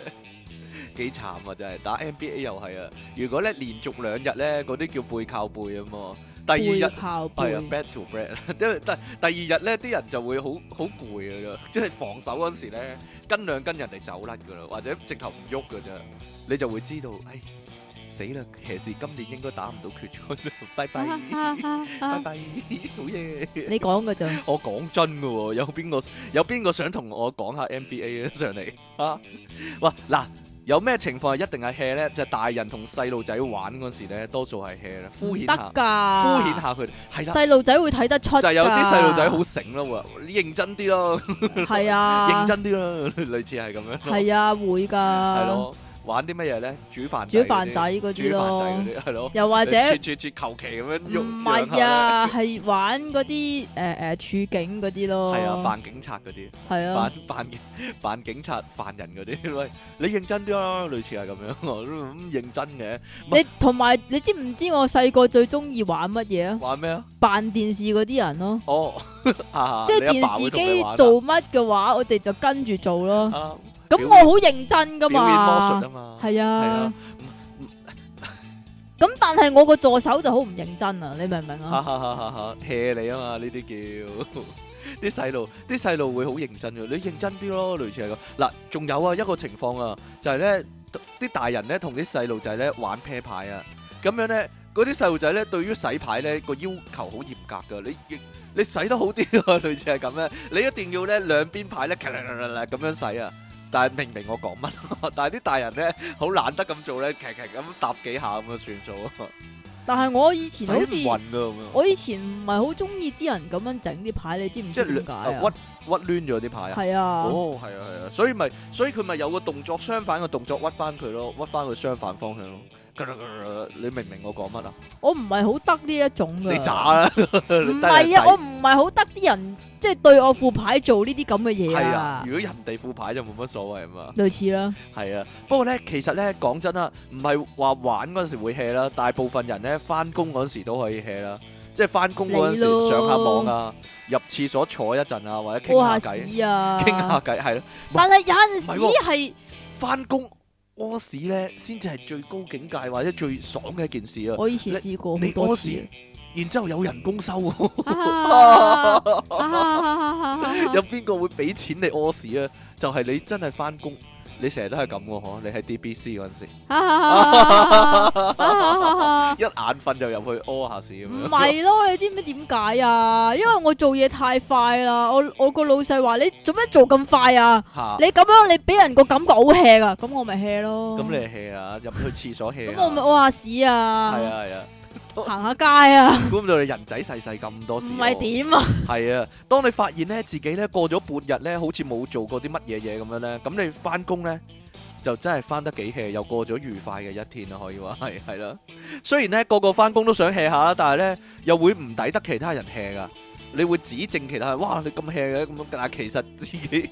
幾慘啊！真係打 NBA 又係啊。如果咧連續兩日咧，嗰啲叫背靠背啊嘛。第二日係啊，back to back。因為第第二日咧，啲人就會好好攰㗎啫。即係、啊就是、防守嗰時咧，跟兩跟人哋走甩㗎啦，或者直頭唔喐㗎啫。你就會知道，哎死啦！騎士今年應該打唔到決賽啦。拜拜、啊啊、拜拜，好嘢、啊！ 你講嘅咋？我講真嘅喎。有邊個有邊個想同我講下 NBA 咧上嚟嚇？喂、啊、嗱。有咩情況係一定係 hea 咧？就係、大人同細路仔玩嗰時咧，多數係 hea 啦，敷衍下，敷衍下佢哋。細路仔會睇得出就係有啲細路仔好醒咯喎，你認真啲咯。係啊，認真啲咯 的， 類似係咁樣。係啊，會㗎。係咯。玩啲乜嘢咧？煮飯煮飯仔嗰啲咯，又或者切切切求其咁樣用。唔係啊，係玩嗰啲誒誒，處境嗰啲咯。係啊，扮警察嗰啲，係啊，扮扮扮警察犯人嗰啲。喂，你認真啲啊，類似係咁樣，咁認真嘅。你同埋你知唔知我細個最中意玩乜嘢啊？玩咩啊？扮電視嗰啲人咯。哦，即係電視機做乜嘅話，我哋就跟住做咯。咁我好認真噶嘛，變魔術吖嘛，係啊，係啊，咁但係我個助手就好唔認真啊，你明唔明啊？吓吓吓吓吓，hea 你啊嘛，呢啲叫啲細路，啲細路會好認真噶，你認真啲咯，類似係咁。嗱，仲有啊，一個情況啊，就係咧，啲大人咧同啲細路仔咧玩啤牌啊，咁樣咧，嗰啲細路仔咧對於洗牌咧個要求好嚴格噶，你你洗得好啲啊，類似係咁咧，你一定要咧兩邊牌咧，咁樣洗啊。但係明明我講乜？但係啲大人咧好懶得咁做咧，奇奇咁搭幾下咁啊算數啊！但係我以前好似混噶咁樣，我以前唔係好中意啲人咁樣整啲牌，你知唔知點解是啊、哦、啊？屈屈攣咗啲牌啊！係啊，哦，係啊，係啊，所以咪所以佢咪有個動作相反嘅動作屈翻佢咯，屈翻佢相反方向咯噓噓噓噓。你明唔明我講乜差 啊？我唔係好得呢一種，你渣啦！唔係啊，我唔係好得啲人。即係對我副牌做呢啲咁嘅嘢啊！係啊，如果人哋副牌就冇乜所謂啊嘛。類似啦，係啊。不過咧，其實咧，講真啦，唔係話玩嗰陣時會 hea 啦，大部分人咧翻工嗰陣時都可以 hea 啦。即係翻工嗰陣時，上下網啊，入廁所坐一陣啊，或者傾下偈啊，傾下偈係咯。但係有陣時係翻工屙屎咧，先至係最高境界或者最爽嘅一件事啊！我以前試過好多次。然之後有人工收，有邊個會俾錢你屙屎啊？就係你真係翻工，你成日都係咁嘅嗬。你喺 DBC 嗰陣時，一眼瞓就入去屙下屎咁樣。唔係咯，你知唔知點解啊？因為我做嘢太快啦。我我個老細話：你做咩做咁快啊？你咁樣你俾人個感覺好 hea 噶，咁我咪 hea 咯。咁你 hea 啊？入去廁所 hea 啊？咁我咪屙下屎啊？係啊係啊。行下街啊！估唔到你人仔細細咁多事，唔係點啊？係啊，當你發現咧自己咧過咗半日咧，好似冇做過啲乜嘢嘢咁樣咧，咁你翻工咧就真係翻得幾 hea，又過咗愉快嘅一天咯，可以話係係啦。雖然咧個個翻工都想 hea 下啦，但係咧又會唔抵得其他人 hea 噶？你會指正其他人，哇你咁 hea 嘅咁樣，但係其實自己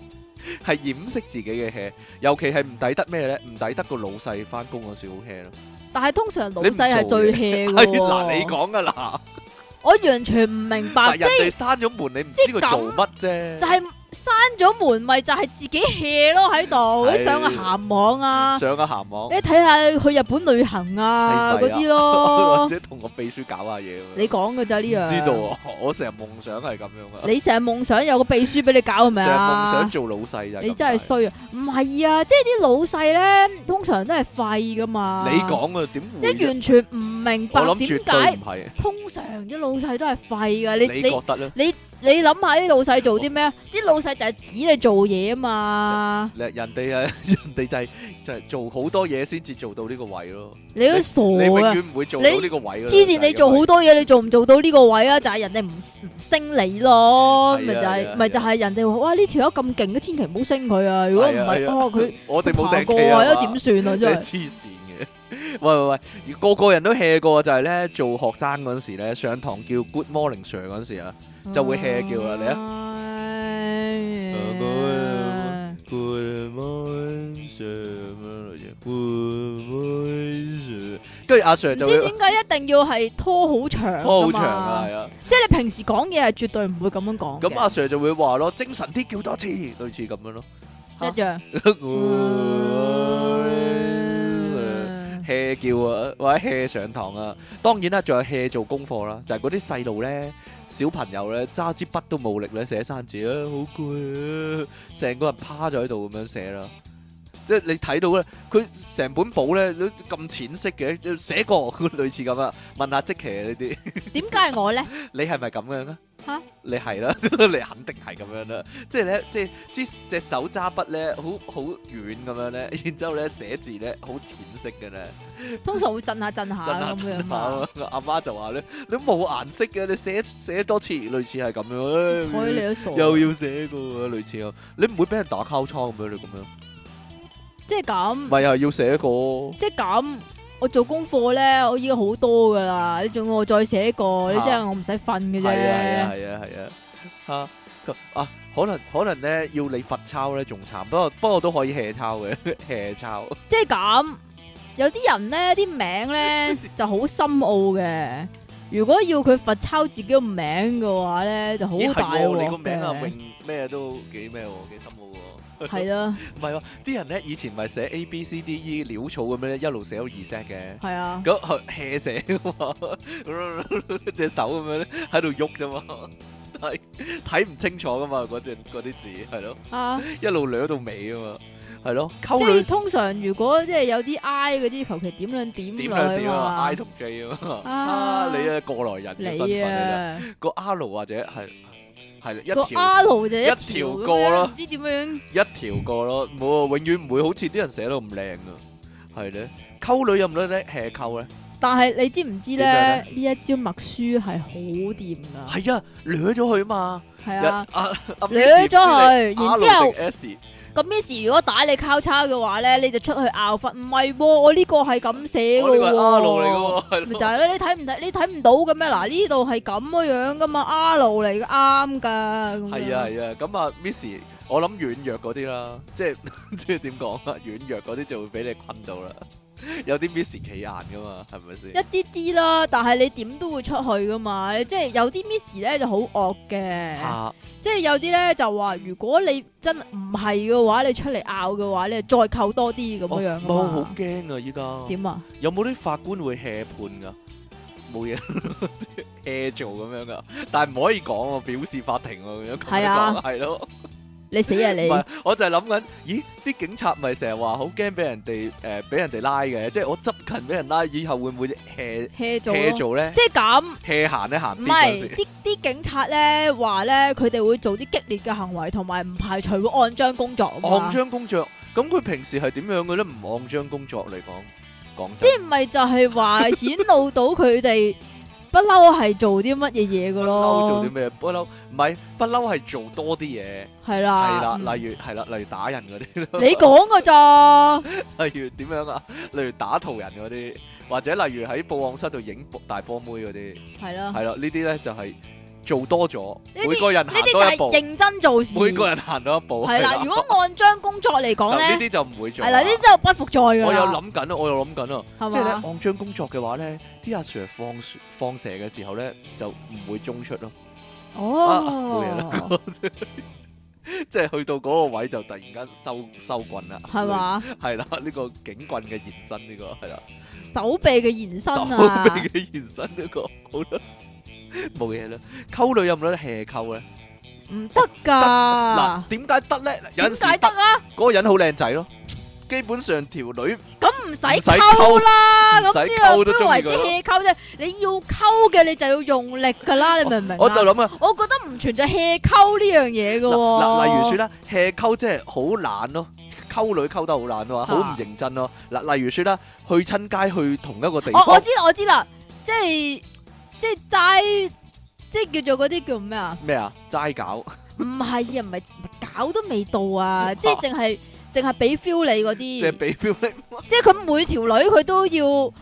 係掩飾自己嘅 hea，尤其係唔抵得咩咧？唔抵得個老細翻工嗰時好 hea 咯。但係通常老細係最 hea 嗱。 的 你講噶啦， 我完全唔明白，即係閂咗門你唔知佢做乜啫，就係、是。閂咗門咪就係自己 hea 咯喺度上個鹹網啊，上個鹹網，你睇下去日本旅行啊嗰啲咯，或者同個秘書搞下嘢。你講嘅咋呢樣？知道啊，我成日夢想係咁樣啊。你成日夢想有個秘書俾你搞係咪啊？成日夢想做老細咋？你真係衰啊！唔係啊，即係啲老細咧，通常都係廢噶嘛。你講嘅，點會？即係完全唔明白點解？通常啲老細都係廢噶。你你覺得咧？你你諗下啲老細做啲咩？啲老就係指你做嘢啊嘛！人哋啊，人哋就係就係做好多嘢先至做到呢個位咯。你都傻啊！你永遠唔會做到呢個位。黐線你做好多嘢，你做唔做到呢個位啊？就係人哋唔唔升你咯，咪就係咪就係人哋話：哇！呢條友咁勁，千祈唔好升佢啊！如果唔係，哦佢我哋冇訂過啊，點算啊？真係黐線嘅！喂喂喂，個個人都 hea 過，就係咧做學生嗰陣時咧，上堂叫 Good morning sir 嗰陣時啊，就會 hea 叫啊，你啊～背背上，背背上，跟住阿 Sir 就唔知點解一定要係拖好長。拖好長係啊，即係你平時講嘢係絕對唔會咁樣講。咁阿 Sir 就會話咯，精神啲叫多次，類似咁樣咯，一樣。h 叫啊，或者 h 上堂啊，當然啦、啊，仲有 h 做功課啦，就係嗰啲細路咧，小朋友咧揸支筆都冇力咧，寫生字啦、啊，好攰啊，成個人趴咗喺度咁樣寫啦。即係你睇到咧，佢成本簿咧都咁淺色嘅，寫過佢類似咁啊。問下即騎呢啲，點解係我咧？哈你係咪咁樣啊？嚇！你係啦， 你肯定係咁樣啦。即係咧，即係隻隻手揸筆咧，好好軟咁樣咧，然之後咧寫字咧，好淺色嘅咧。通常會震下震下咁樣。震下震下啊！阿媽就話咧：你冇顏色嘅，你寫寫，寫多次類似係咁樣。又要寫過啊，類似啊，你唔會俾人打敲窗咁樣你咁樣。即係咁，咪又、啊、要寫個？即係咁，我做功課咧，我依家好多噶啦，仲要我再寫、啊、你即係我唔使瞓嘅啫。係啊係啊係啊係啊，啊，啊可能可能咧要你罰抄咧仲慘，不過不過都可以 hea 抄嘅抄。 即係咁，有啲人咧啲名咧 就好深奧嘅，如果要佢罰抄自己個名嘅話咧就好大鑊嘅。你個名啊詠咩都幾咩，幾深奧嘅。係啊，唔係喎，啲人咧以前咪寫 A B C D E 潦草咁樣咧，一路寫到二 set 嘅，係啊，咁 hea 寫噶嘛，隻手咁樣咧喺度喐啫嘛，睇睇唔清楚噶嘛，嗰隻嗰啲字，係咯，啊，一路掠到尾啊嘛，係咯，溝女通常如果即係有啲 I 嗰啲，求其點兩點兩啊，I 同 J 啊嘛。啊，你啊過來人嚟啊，個 L 或者係。係啦，個 R 就一條過咯，唔、嗯、知點樣一條過咯，冇，永遠唔會好似啲人寫到咁靚啊。係咧，溝女有唔得咧 hea 溝咧，逛逛但係你知唔知咧？呢一招默書係好掂啊。係啊，掠咗佢啊嘛，係啊的，掠咗佢，然之後。 咁 Miss 如果打你交叉嘅話咧，你就出去拗。佛，唔係喎，我呢個係咁寫嘅喎，咪 R 路嚟嘅，咪 就係、是、咯，你睇唔睇？你睇唔到嘅咩？嗱呢度係咁嘅樣噶嘛，阿路嚟嘅，啱噶。係啊係啊，咁啊 Miss，我諗軟弱嗰啲啦，即係即係點講啊，軟弱嗰啲就會俾你困到啦。 有啲 miss 企硬噶嘛，係咪先？一啲啲啦，但係你點都會出去噶嘛，即係有啲 miss 咧就好惡嘅，啊、即係有啲咧就話如果你真唔係嘅話，你出嚟拗嘅話咧再扣多啲咁樣樣。哦哦、好驚啊依家。點啊？啊有冇啲法官會 hea 判噶？冇嘢，hea 做咁樣噶，但係唔可以講啊，表示法庭啊咁樣。係啊，係咯。你死啊！你 我就係諗緊，咦？啲警察咪成日話好驚俾人哋誒，俾、呃、人哋拉嘅，即係我執勤俾人拉，以後會唔會 hea hea 做咧？即係咁 hea 行咧行唔係，啲啲警察咧話咧，佢哋會做啲激烈嘅行為，同埋唔排除會按章工，工作。按章工作，咁佢平時係點樣嘅咧？唔按章工作嚟講，講即係唔係就係話顯露到佢哋。不嬲係做啲乜嘢嘢噶咯？不嬲做啲咩？不嬲唔係不嬲係做多啲嘢。係啦，係啦，例如係啦，例如打人嗰啲咯。你講噶咋？例如點樣啊？例如打途人嗰啲，或者例如喺報案室度影大波妹嗰啲。係咯，係咯，呢啲咧就係做多咗。每個人行多一步。呢啲就係認真做事。每個人行多一步。係啦，如果按章工作嚟講咧，呢啲就唔會做。係啦，呢啲真係不復再啦。我有諗緊啊！我有諗緊啊！即係咧，按章工作嘅話咧。阿 Sir 放放射嘅時候咧，就唔會中出咯。哦，冇嘢啦。即係去到嗰個位就突然間收收棍啦。係嘛嗎？係啦因為，呢 個警棍嘅延伸，這個，呢個係啦。手臂嘅延伸啊，臂嘅延伸，這個，逛逛呢個好啦。冇嘢啦。溝女 有冇得 hea 溝咧？唔得噶。嗱，點解得咧？點解得啊？嗰個人好靚仔咯。基本上條女咁唔使溝啦，咁邊有為之 hea 溝啫？你要溝嘅你就要用力噶啦，你明唔明？我，我就諗啊，我覺得唔存在 hea 溝呢樣嘢嘅喎。嗱，例如説啦，hea 溝即係好懶咯，溝女溝得好懶啊，好唔認真咯。嗱，例如説啦，去親街去同一個地方，啊、我知我知啦，即係即係齋即係叫做嗰啲叫咩啊？咩啊？齋搞？唔係啊，唔係搞都未到啊，即係淨係。淨係俾 feel 你嗰啲，即係俾 feel，即係佢每條女佢都要。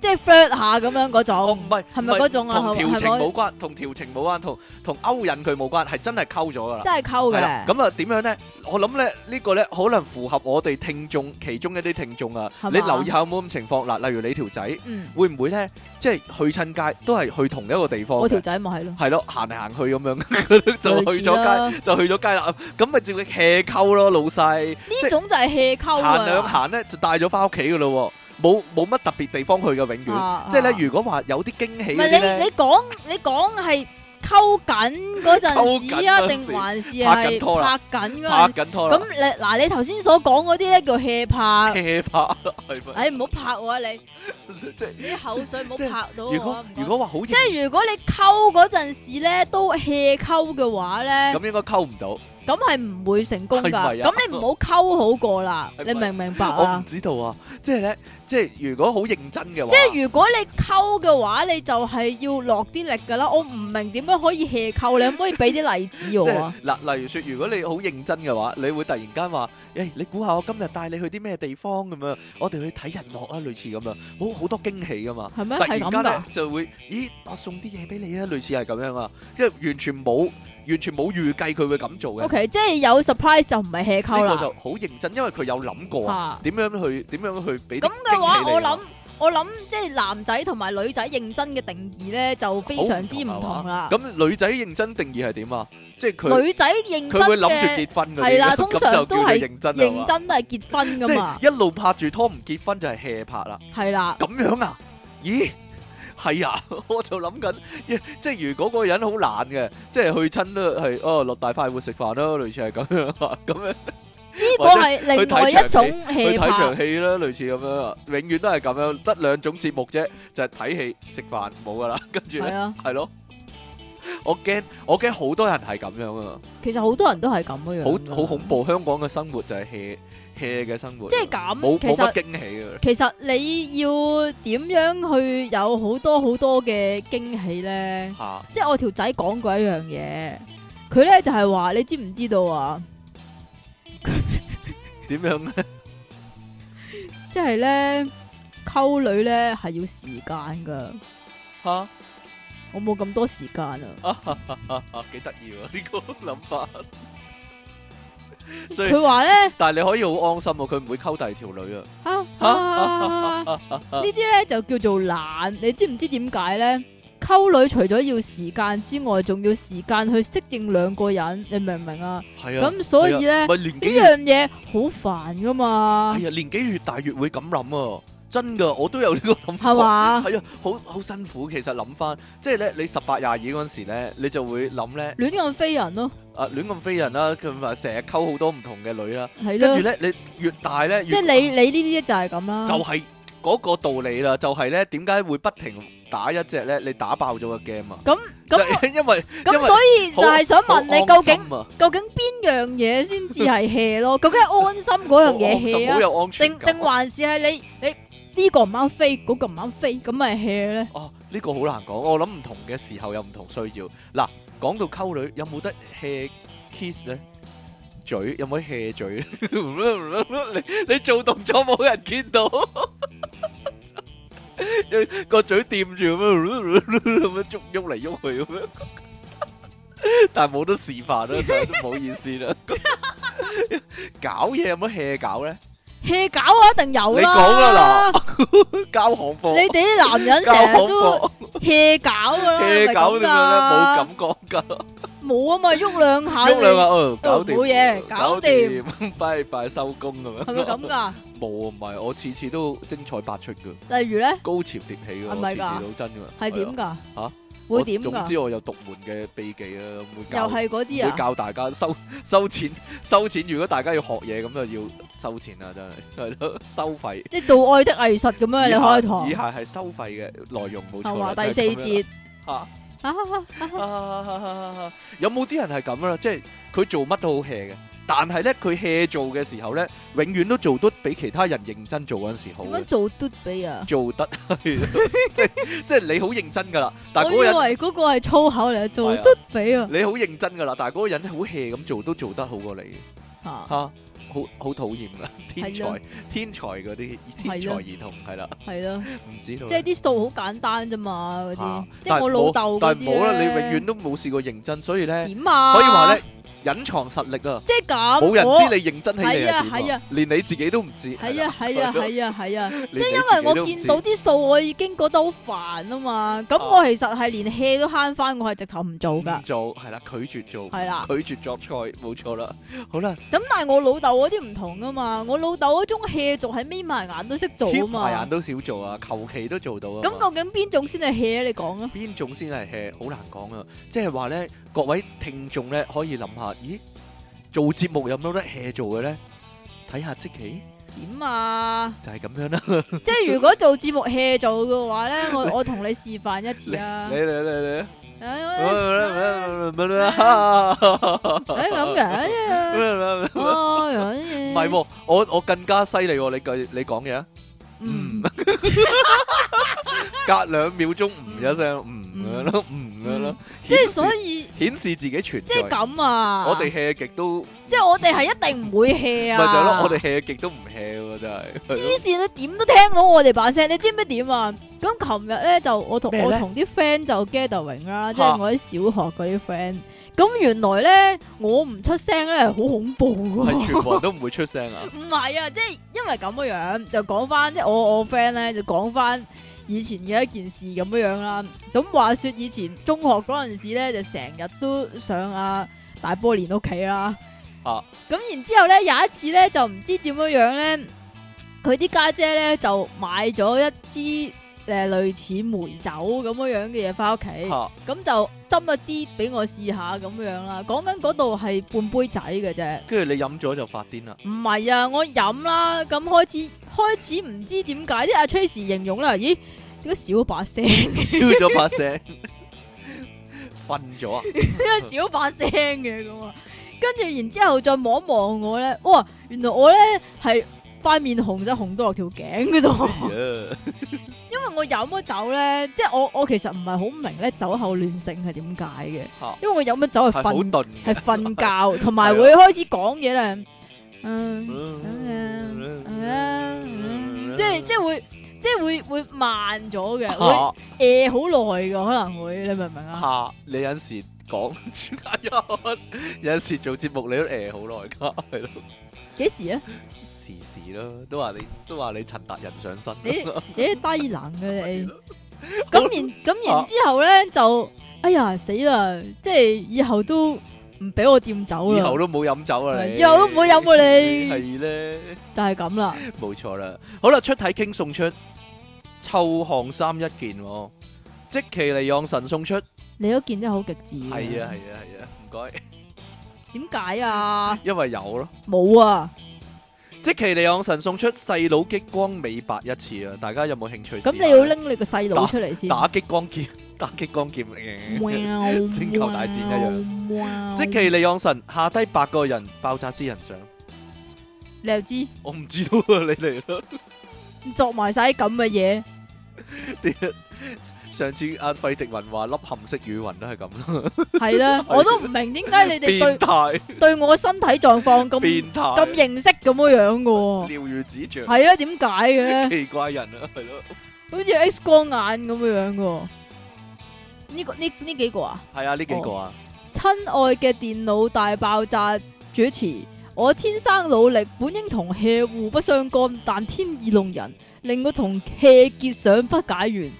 即係 flat 下咁樣嗰種，係咪、哦、種啊？同調情冇關，同調情冇關，同同勾引佢冇關，係真係溝咗噶啦，真係溝嘅。咁啊，點樣咧？我諗咧，呢個咧可能符合我哋聽眾其中一啲聽眾啊。吧你留意下有冇咁情況嗱，例如你條仔，嗯、會唔會咧？即係去親街都係去同一個地方。我條仔咪係咯，係咯，行嚟行去咁樣， 就去咗街，街，就去咗街啦。咁咪仲會 hea 溝咯，老細。呢即種就係 hea 溝啊！行兩行咧，就帶咗翻屋企噶咯。冇冇乜特別地方去嘅，永遠，即係咧。如果話有啲驚喜，唔係你你講你講係溝緊嗰陣時啊，定還是係拍緊嗰陣？拍緊拖啦！咁你嗱你頭先所講嗰啲咧叫 hea 拍 hea 拍，哎唔好拍啊你！啲口水唔好拍到啊！如果如果話好，即係如果你溝嗰陣時咧都 hea 溝嘅話咧，咁、嗯、應該溝唔到。咁係唔會成功噶，咁你唔好溝好過啦，你明唔明白啊？我唔知道啊，即係咧，即係如果好認真嘅話，即係如果你溝嘅話，你就係要落啲力噶啦。我唔明點樣可以 hea 溝，你可唔可以俾啲例子我啊？嗱，例如說，如果你好認真嘅話，你會突然間話，誒，你估下我今日帶你去啲咩地方咁樣？我哋去睇日落啊，類似咁樣，好好多驚喜噶嘛。係咪？係咁噶？突然間就會咦，我送啲嘢俾你啊，類似係咁樣啊，即係完全冇。完全冇預計佢會咁做嘅。OK，即係有 surprise 就唔係 hea 溝啦。就好認真，因為佢有諗過啊，點樣去點樣去俾咁嘅話，我諗我諗，即係男仔同埋女仔認真嘅定義咧，就非常之唔同啦。咁女仔認真定義係點啊？即係佢女仔認，佢會諗住結婚嘅。係啦，通常都係認真啊嘛。認真係結婚噶嘛。一路拍住拖唔結婚就係 hea 拍啦。係啦，咁樣啊？咦？係是啊， 我就諗緊，即係如果嗰個人好懶嘅，即係去親都係哦落大快活食飯咯，類似係咁樣，咁樣呢個係另外一種戲。睇場戲啦，類似咁樣啊，永遠都係咁樣，得兩種節目啫，就係睇戲食飯，冇噶啦，跟住係啊，係咯。我驚我驚好多人係咁樣啊！其實好多人都係咁樣，好好恐怖。 香港嘅生活就係戲。hea 嘅生活，即係咁，其實驚喜嘅。其實你要點樣去有好多好多嘅驚喜咧？吓！即係我條仔講過一樣嘢，佢咧就係話你知唔知道啊？點樣咧？即係咧，溝女咧係要時間噶。吓！我冇咁多時間啊！啊哈哈哈！幾得意啊！呢個諗法。所以佢話咧，呢但係你可以好安心啊，佢唔會溝第二條女啊。吓吓， 呢啲咧就叫做懶。你知唔知點解咧？溝女除咗要時間之外，仲要時間去適應兩個人。你明唔明啊？係啊。咁所以咧，呢樣嘢好煩噶嘛。係啊，年紀越大越會咁諗啊。真噶，我都有呢個諗法。係嘛？係啊，好好辛苦。其實諗翻，即係咧，你十八廿二嗰陣時咧，你就會諗咧，亂咁飛人咯。啊，亂咁飛人啦，佢咪成日溝好多唔同嘅女啦。係咯。跟住咧，你越大咧，即係你你呢啲就係咁啦。就係嗰個道理啦，就係咧，點解會不停打一隻咧？你打爆咗個 game 啊！咁咁，因為咁所以就係想問你，究竟究竟邊樣嘢先至係 hea 咯？究竟係安心嗰樣嘢 hea 啊？定定還是係你你？呢個唔啱飛，嗰個唔啱飛，咁咪 hea 咧？哦，呢個好難講，我諗唔同嘅時候有唔同需要。嗱，講到溝女，有冇得 hea kiss 咧？嘴有冇得 hea 嘴咧？你你做動作冇人見到，個嘴掂住咁樣，咁樣捉喐嚟喐去咁樣，但係冇得示範啦，都唔好意思啦。搞嘢有冇得 hea 搞咧？hea 搞啊，一定有啦！你講啦嗱，交行貨，你哋啲男人成日都 hea 搞噶啦，係咪咁噶？冇咁講噶，冇啊嘛，喐兩下，喐兩下，哦，搞掂，都冇嘢，搞掂，拜拜收工咁樣，係咪咁噶？冇啊，唔係我次次都精彩百出噶，例如咧，高潮迭起噶，係咪噶？係點噶？吓？會我點？我知我有獨門嘅秘技啊！會教，又係嗰啲啊！會教大家收收錢，收錢。如果大家要學嘢，咁就要收錢啦！真係，係收費。即係做愛的藝術咁啊！你開堂以下係收費嘅內容錯，冇錯。第四節吓吓吓吓吓吓吓吓吓吓吓吓吓吓吓吓吓但係咧，佢 hea 做嘅時候咧，永遠都做得比其他人認真做嗰陣時好。點樣做得比啊？做得，即係即係你好認真噶啦。但我以為嗰個係粗口嚟，做得比啊！你好認真噶啦，但係嗰個人好 hea 咁做，都做得好過你。吓，好好討厭啦！天才，天才嗰啲天才兒童係啦。係咯，唔知道。即係啲數好簡單啫嘛，嗰啲。即係我老豆嗰啲啊。但係冇啦，你永遠都冇試過認真，所以咧，可以話咧。點啊？隱藏實力啊！即係咁，冇人知你認真喺你度啊！連你自己都唔知。係啊係啊係啊係啊！即係因為我見到啲數，我已經覺得好煩啊嘛。咁我其實係連 hea 都慳翻，我係直頭唔做噶。唔做係啦，拒絕做係啦，拒絕作菜，冇錯啦。好啦。咁但係我老豆嗰啲唔同噶嘛，我老豆嗰種 hea 做係眯埋眼都識做啊嘛，眯埋眼都少做啊，求其都做到啊。咁究竟邊種先係 hea？你講啊？邊種先係 hea？好難講啊！即係話咧，各位聽眾咧，可以諗下。咦，做節目有冇得 hea 做嘅咧？睇下即期點啊！就係咁樣啦。即係如果做節目 hea 做嘅話咧，我我同你示範一次啊！嚟嚟嚟嚟！哎咁嘅，唔係，我我更加犀利，你句你講嘢啊！嗯，隔兩秒鐘唔一聲，唔咯，唔咯，即係所以顯示自己存在咁啊！我哋 hea 極都，即係我哋係一定唔會 hea 啊！咪就係咯，我哋 hea 極都唔 hea 真係。黐線，你點都聽到我哋把聲？你知唔知點啊？咁琴日咧就我同我同啲 friend 就 gathering 啦，即係我啲小學嗰啲 friend。咁原來咧，我唔出聲咧，好恐怖噶。係全部人都唔會出聲啊， 啊？唔係啊，即係因為咁樣樣，就講翻即係我我 friend 咧就講翻以前嘅一件事咁樣樣啦。咁話說以前中學嗰陣時咧，就成日都上啊大波連屋企啦。啊！咁然之後咧，有一次咧，就唔知點樣樣咧，佢啲家姐咧就買咗一支誒類似梅酒咁，啊、樣樣嘅嘢翻屋企。啊！咁就。斟一啲俾我試下咁樣啦，講緊嗰度係半杯仔嘅啫。跟住你飲咗就發癲啦。唔係啊，我飲啦，咁開始開始唔知點解，即阿 Trace 形容啦，咦，點解少把聲？少咗 把聲，瞓咗啊？點解少把聲嘅咁啊？跟住 然之後再望一望我咧，哇，原來我咧係。塊面紅就紅到落條頸嗰度，因為我飲咗酒咧，即係我我其實唔係好明咧，酒後亂性係點解嘅，啊、因為我飲咗酒係瞓，係瞓覺，同埋是的 會開始講嘢咧，嗯咁樣係即係即係會即係會會慢咗嘅，誒好耐噶可能會，你明唔明啊？你有陣時講 有陣時做節目你都誒好耐噶，係咯，幾時啊？咯，都話你都話你陳達人上身你，你你低能嘅你，咁然咁然之後咧 就，哎呀死啦，即係以後都唔俾我掂酒啦，以後都冇飲酒啦，啊， 以後都冇飲啊你，係咧 是呢 就係咁啦，冇錯啦，好啦，出體 king 送出臭汗衫一件，哦，積淇離岸神送出，你嗰件真係好極致，係啊係啊係啊，唔該，點解啊？啊啊為啊 因為有咯，冇啊。即期離岸神送出細佬激光美白一次啊！大家有冇興趣？咁你要拎你個細佬出嚟先打激光劍，打激光劍嘅星球大戰一樣。即期離岸神下低八個人爆炸私人相，你又知？我唔知道啊！你嚟囉，作埋晒啲咁嘅嘢。上次阿、啊、費迪雲話粒含色雨雲都係咁咯，係 啦，我都唔明點解你哋變態對，對我身體狀況咁變態咁認識咁樣樣嘅，係啊？ 點解嘅奇怪人啊，係咯，好似 X 光眼咁樣樣嘅呢個呢呢幾個啊？係啊，呢幾個啊？親、哦、愛嘅電腦大爆炸主持，我天生努力本應同氣互不相干，但天意弄人，令我同氣結上不解緣。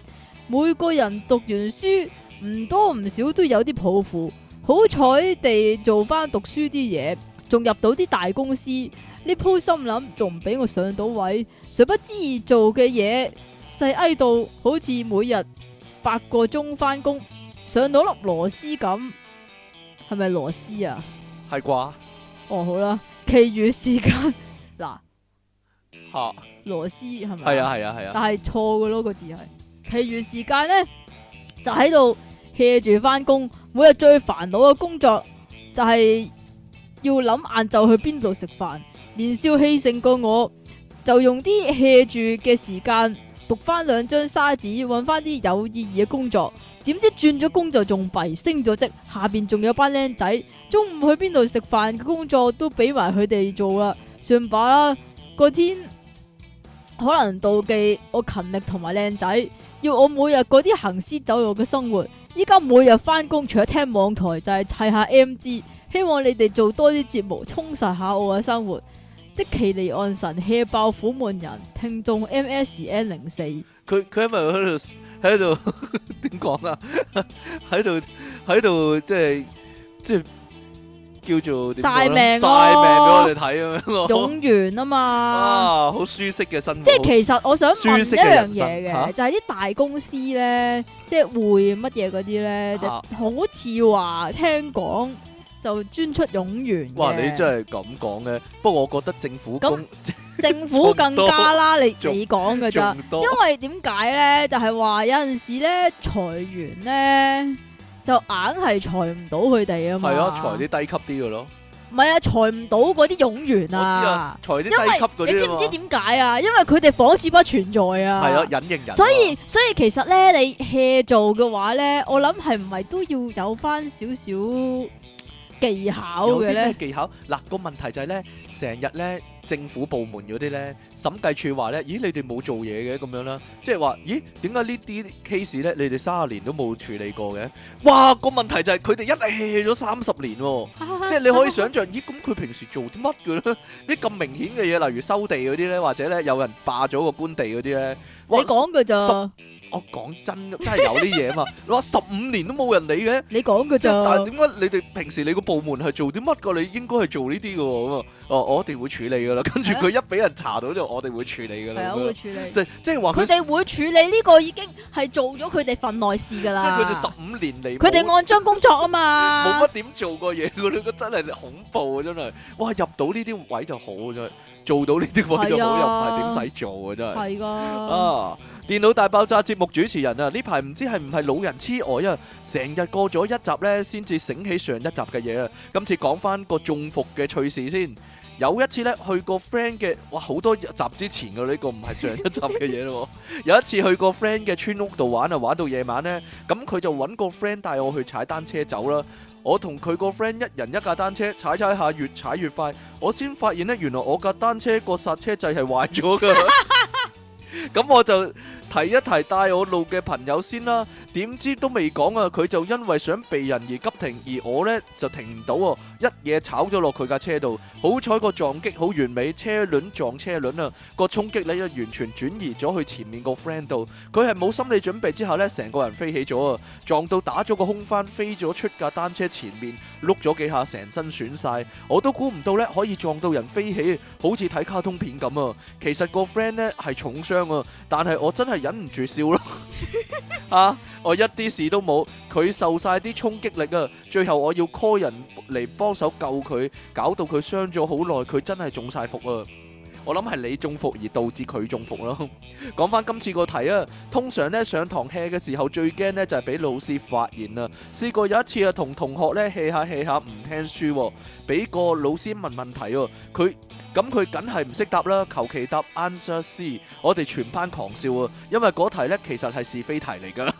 每個人讀完書唔多唔少都有啲抱負，好彩地做翻讀書啲嘢，仲入到啲大公司。你鋪心諗仲唔俾我上到位？誰不知做嘅嘢細矮到，好似每日八個鐘翻工，上到粒螺絲咁，係咪螺絲啊？係啩吧？哦，好 啦，其餘時間嗱，吓螺絲係咪？係啊係啊係啊，啊啊啊但係錯嘅咯，個字係。其餘時間呢，就喺度歇住翻工，每日最煩惱嘅工作就係要諗晏晝去邊度食飯。年少氣盛過我，就用啲歇住嘅時間讀翻兩張沙紙，搵翻啲有意義嘅工作。點知轉咗工就仲弊，升咗職，下邊仲有班靚仔，中午去邊度食飯嘅工作都俾埋佢哋做啦，算罷啦。個天可能妒忌我勤力同埋靚仔。要我每日嗰啲行屍走肉嘅生活，依家每日翻工除咗聽網台就係、是、砌下 M G，希望你哋做多啲節目充實下我嘅生活，積淇離岸神氣爆虎門人聽眾 M S N 零四，佢佢係咪喺度喺度點講啊？喺度喺度即係即係。叫做晒命咯，晒命俾我哋睇咁樣啊！冗員啊嘛，啊好舒適嘅生活，即係其實我想問一樣嘢嘅，啊、就係啲大公司咧，即係會乜嘢嗰啲咧？啊、就好似話聽講就專出冗員。哇！你真係咁講嘅，不過我覺得政府公那 政府更加啦，多你你講㗎咋，多因為點解咧？就係、是、話有陣時咧裁員咧。就硬係裁唔到佢哋啊嘛，係啊，裁啲低級啲嘅咯。唔係啊，裁唔到嗰啲冗員啊，啊，裁啲低級啲因為，你知唔知點解啊？因為佢哋仿似不存在啊，係啊，隱形人，啊，所以所以其實咧，你 hea 做嘅話咧，我諗係唔係都要有返少少技巧嘅咧？技巧。嗱，個問題就係咧，成日咧。政府部門嗰啲咧，審計處話咧，咦你哋冇做嘢嘅咁樣啦，即係話，咦點解呢啲 case 咧，你哋三十年都冇處理過嘅？哇個問題就係佢哋一 hea 咗三十年喎，哦，啊、即係你可以想象，啊，咦咁佢平時做啲乜嘅咧？啲 咁明顯嘅嘢，例如收地嗰啲咧，或者咧有人霸咗個官地嗰啲咧，你講佢咋？我講真，真係有啲嘢啊嘛，哇！十五年都冇人理嘅，你講噶咋？但係點解你哋平時你個部門係做啲乜噶？你應該係做呢啲噶，咁、啊、哦，我哋會處理噶啦。跟住佢一俾人查到、啊、就我哋會處理噶啦。係啊，處就是、會處理。即係即係話佢哋會處理呢個已經係做咗佢哋份內事噶啦。即係佢哋十五年嚟，佢哋按章工作啊嘛，冇乜點做過嘢噶，真係恐怖啊！真係，哇！入到呢啲位就好，真係做到呢啲位就好，又係點使做啊？不不做真係。係噶的。啊。電腦大爆炸節目主持人啊，呢排唔知係唔係老人痴呆啊，成日過咗一集呢，先至醒起上一集嘅嘢啊。今次講翻個中伏嘅趣事先。有一次呢，去個 friend 嘅，哇，好多集之前嘅，啊、呢、呢個唔係上一集嘅嘢咯。有一次去個 friend 嘅村屋度玩啊，玩到夜晚呢，咁佢就搵個 friend 帶我去踩單車走啦。我同佢個 friend 一人一架單車，踩踩下越踩越快，我先發現呢，原來我架單車個剎車掣係壞咗噶。咁 我就～提一提帶我路嘅朋友先啦，點知都未講啊，佢就因為想避人而急停，而我咧就停唔到，啊，一嘢炒咗落佢架車度。好彩個撞擊好完美，車輪撞車輪啊，個衝擊咧就完全轉移咗去前面個 friend 度。佢係冇心理準備之下咧，成個人飛起咗啊，撞到打咗個空翻，飛咗出架單車前面，碌咗幾下，成身損晒。我都估唔到咧可以撞到人飛起，好似睇卡通片咁啊。其實個 friend 咧係重傷啊，但係我真係。忍唔住笑咯，嚇！我一啲事都冇，佢受晒啲衝擊力啊！最後我要 call 人嚟幫手救佢，搞到佢傷咗好耐，佢真係中晒伏啊！我諗係你中伏而導致佢中伏咯。講翻今次個題啊，通常咧上堂 hea 嘅時候最驚咧就係俾老師發現啊。試過有一次啊，同同學咧 hea 下 hea 下唔聽書，俾個老師問問題，佢咁佢梗係唔識答啦。求其答 answer C，我哋全班狂笑啊，因為嗰題咧其實係是非題嚟噶啦，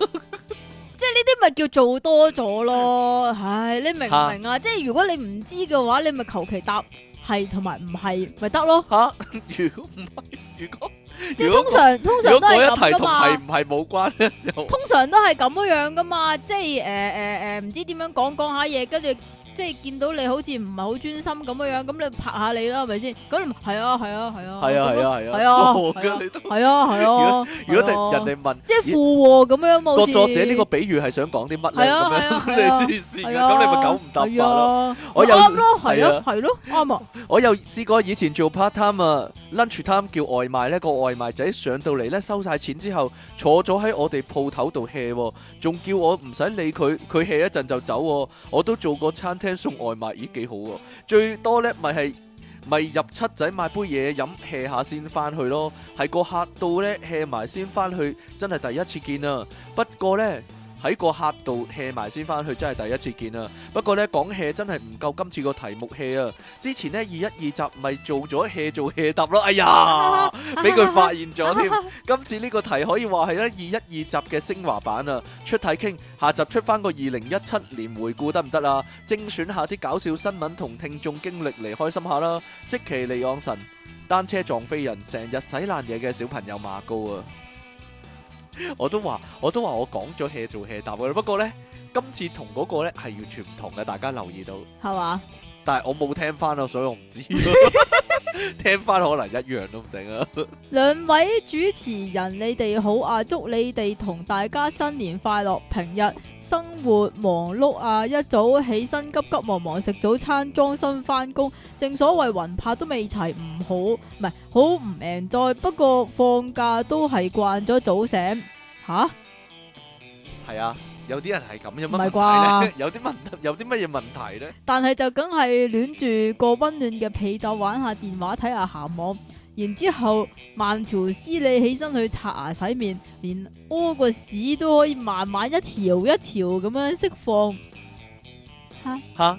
即係呢啲咪叫做多咗咯。唉，你明唔明啊？即係如果你唔知嘅話，你咪求其答。係同埋唔係咪得咯？嚇、啊！如果唔係，如果，如果即係通常，如果通常都係咁噶嘛。如果一題同係唔係冇關咧，通常都係咁樣噶嘛。即係誒誒誒，呃呃呃唔知點樣講講下嘢，跟住。即係見到你好似唔係好專心咁樣，咁你拍下你啦，係咪先？咁係啊，係啊，係啊，係啊，係啊，係啊，係啊，係啊，啊。如果人哋問，即係附和咁樣冇作者呢個比喻係想講啲乜咧？咁樣你黐線嘅，咁你咪九唔搭八咯。我有係咯，係咯，係咯，啱啊！我又試過以前做 part time 啊，lunch time 叫外賣呢，個外賣仔上到嚟呢，收晒錢之後，坐咗喺我哋鋪頭度 hea，仲叫我唔使理佢，佢 hea 一陣就走，我都做過餐廳。聽送外賣，咦幾好喎，啊！最多咧咪係咪入七仔買杯嘢飲 hea 下先翻去咯，係個客到咧 hea 埋先翻去，真係第一次見啊！不過呢。喺個客度 hea 埋先翻去，真係第一次見啊！不過呢，講 hea 真係唔夠今次個題目 hea 啊！之前呢，二一二集咪做咗 hea 做 hea 揼咯，哎呀，俾佢 發現咗添。 今次呢個題可以話係呢二一二集嘅升華版啊！出體 king，下集出翻個二零一七年回顧得唔得啊？精選一下啲搞笑新聞同聽眾經歷嚟開心下啦！即積淇離岸神，單車撞飛人，成日洗爛嘢嘅小朋友馬高啊！ 我都話，我都話，我講咗 hea 做 hea 答嘅，不過呢，今次同嗰個呢係完全唔同嘅，大家留意到，係嘛？但係我冇聽翻啊，所以我唔知。 聽翻可能一樣都唔定啊。兩位主持人，你哋好啊！祝你哋同大家新年快樂。平日生活忙碌啊，一早起身急急忙忙食早餐，裝身翻工。正所謂魂魄都未齊，唔好唔係好唔 enjoy，不過放假都係慣咗早醒，吓係啊。有啲人係咁，有乜問題咧？有啲問，有啲乜嘢問題咧？但係就梗係暖住個溫暖嘅被竇，玩下電話，睇下鹹網，然之後慢條斯理起身去刷牙洗面，連屙個屎都可以慢慢一條一條咁樣釋放，吓吓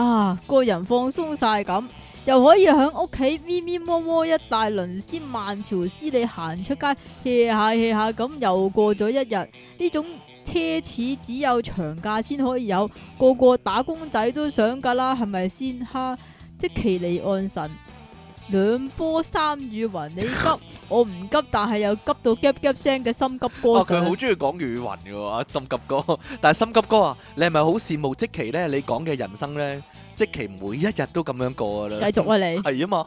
啊！個人放鬆晒，咁又可以響屋企咪咪摸摸一大輪，先慢條斯理行出街，hea 下 hea 下咁，又過咗一日呢種。奢侈只有長假先可以有，個個打工仔都想噶啦，係咪先？哈！積淇離岸神，兩波三雨雲，你急我唔急，但係又急到夾夾聲嘅心急哥。佢好中意講雨雲嘅喎，心急哥。但係心急哥啊，你係咪好羨慕積淇咧？你講嘅人生咧，積淇每一日都咁樣過啦。繼續啊，你係啊嘛？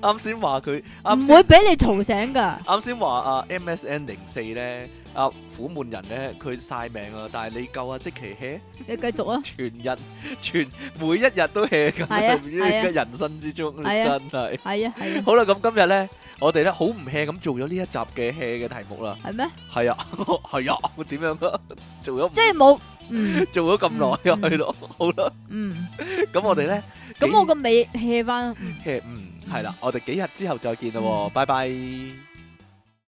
啱先話佢唔會俾你嘈醒噶。啱先話啊，MSN 零四咧。阿虎門人咧，佢晒命啊！但係你救阿積淇 hea，你繼續啊！全日全每一日都 hea 咁嘅人生之中，真係，係啊係啊！好啦，咁今日咧，我哋咧好唔 hea 咁做咗呢一集嘅 hea 嘅題目啦，係咩？係啊係啊，點樣啊？做咗即係冇嗯，做咗咁耐又去咯，好啦，嗯，咁我哋咧，咁我個尾 hea 翻 hea，嗯，係啦，我哋幾日之後再見啦，拜拜。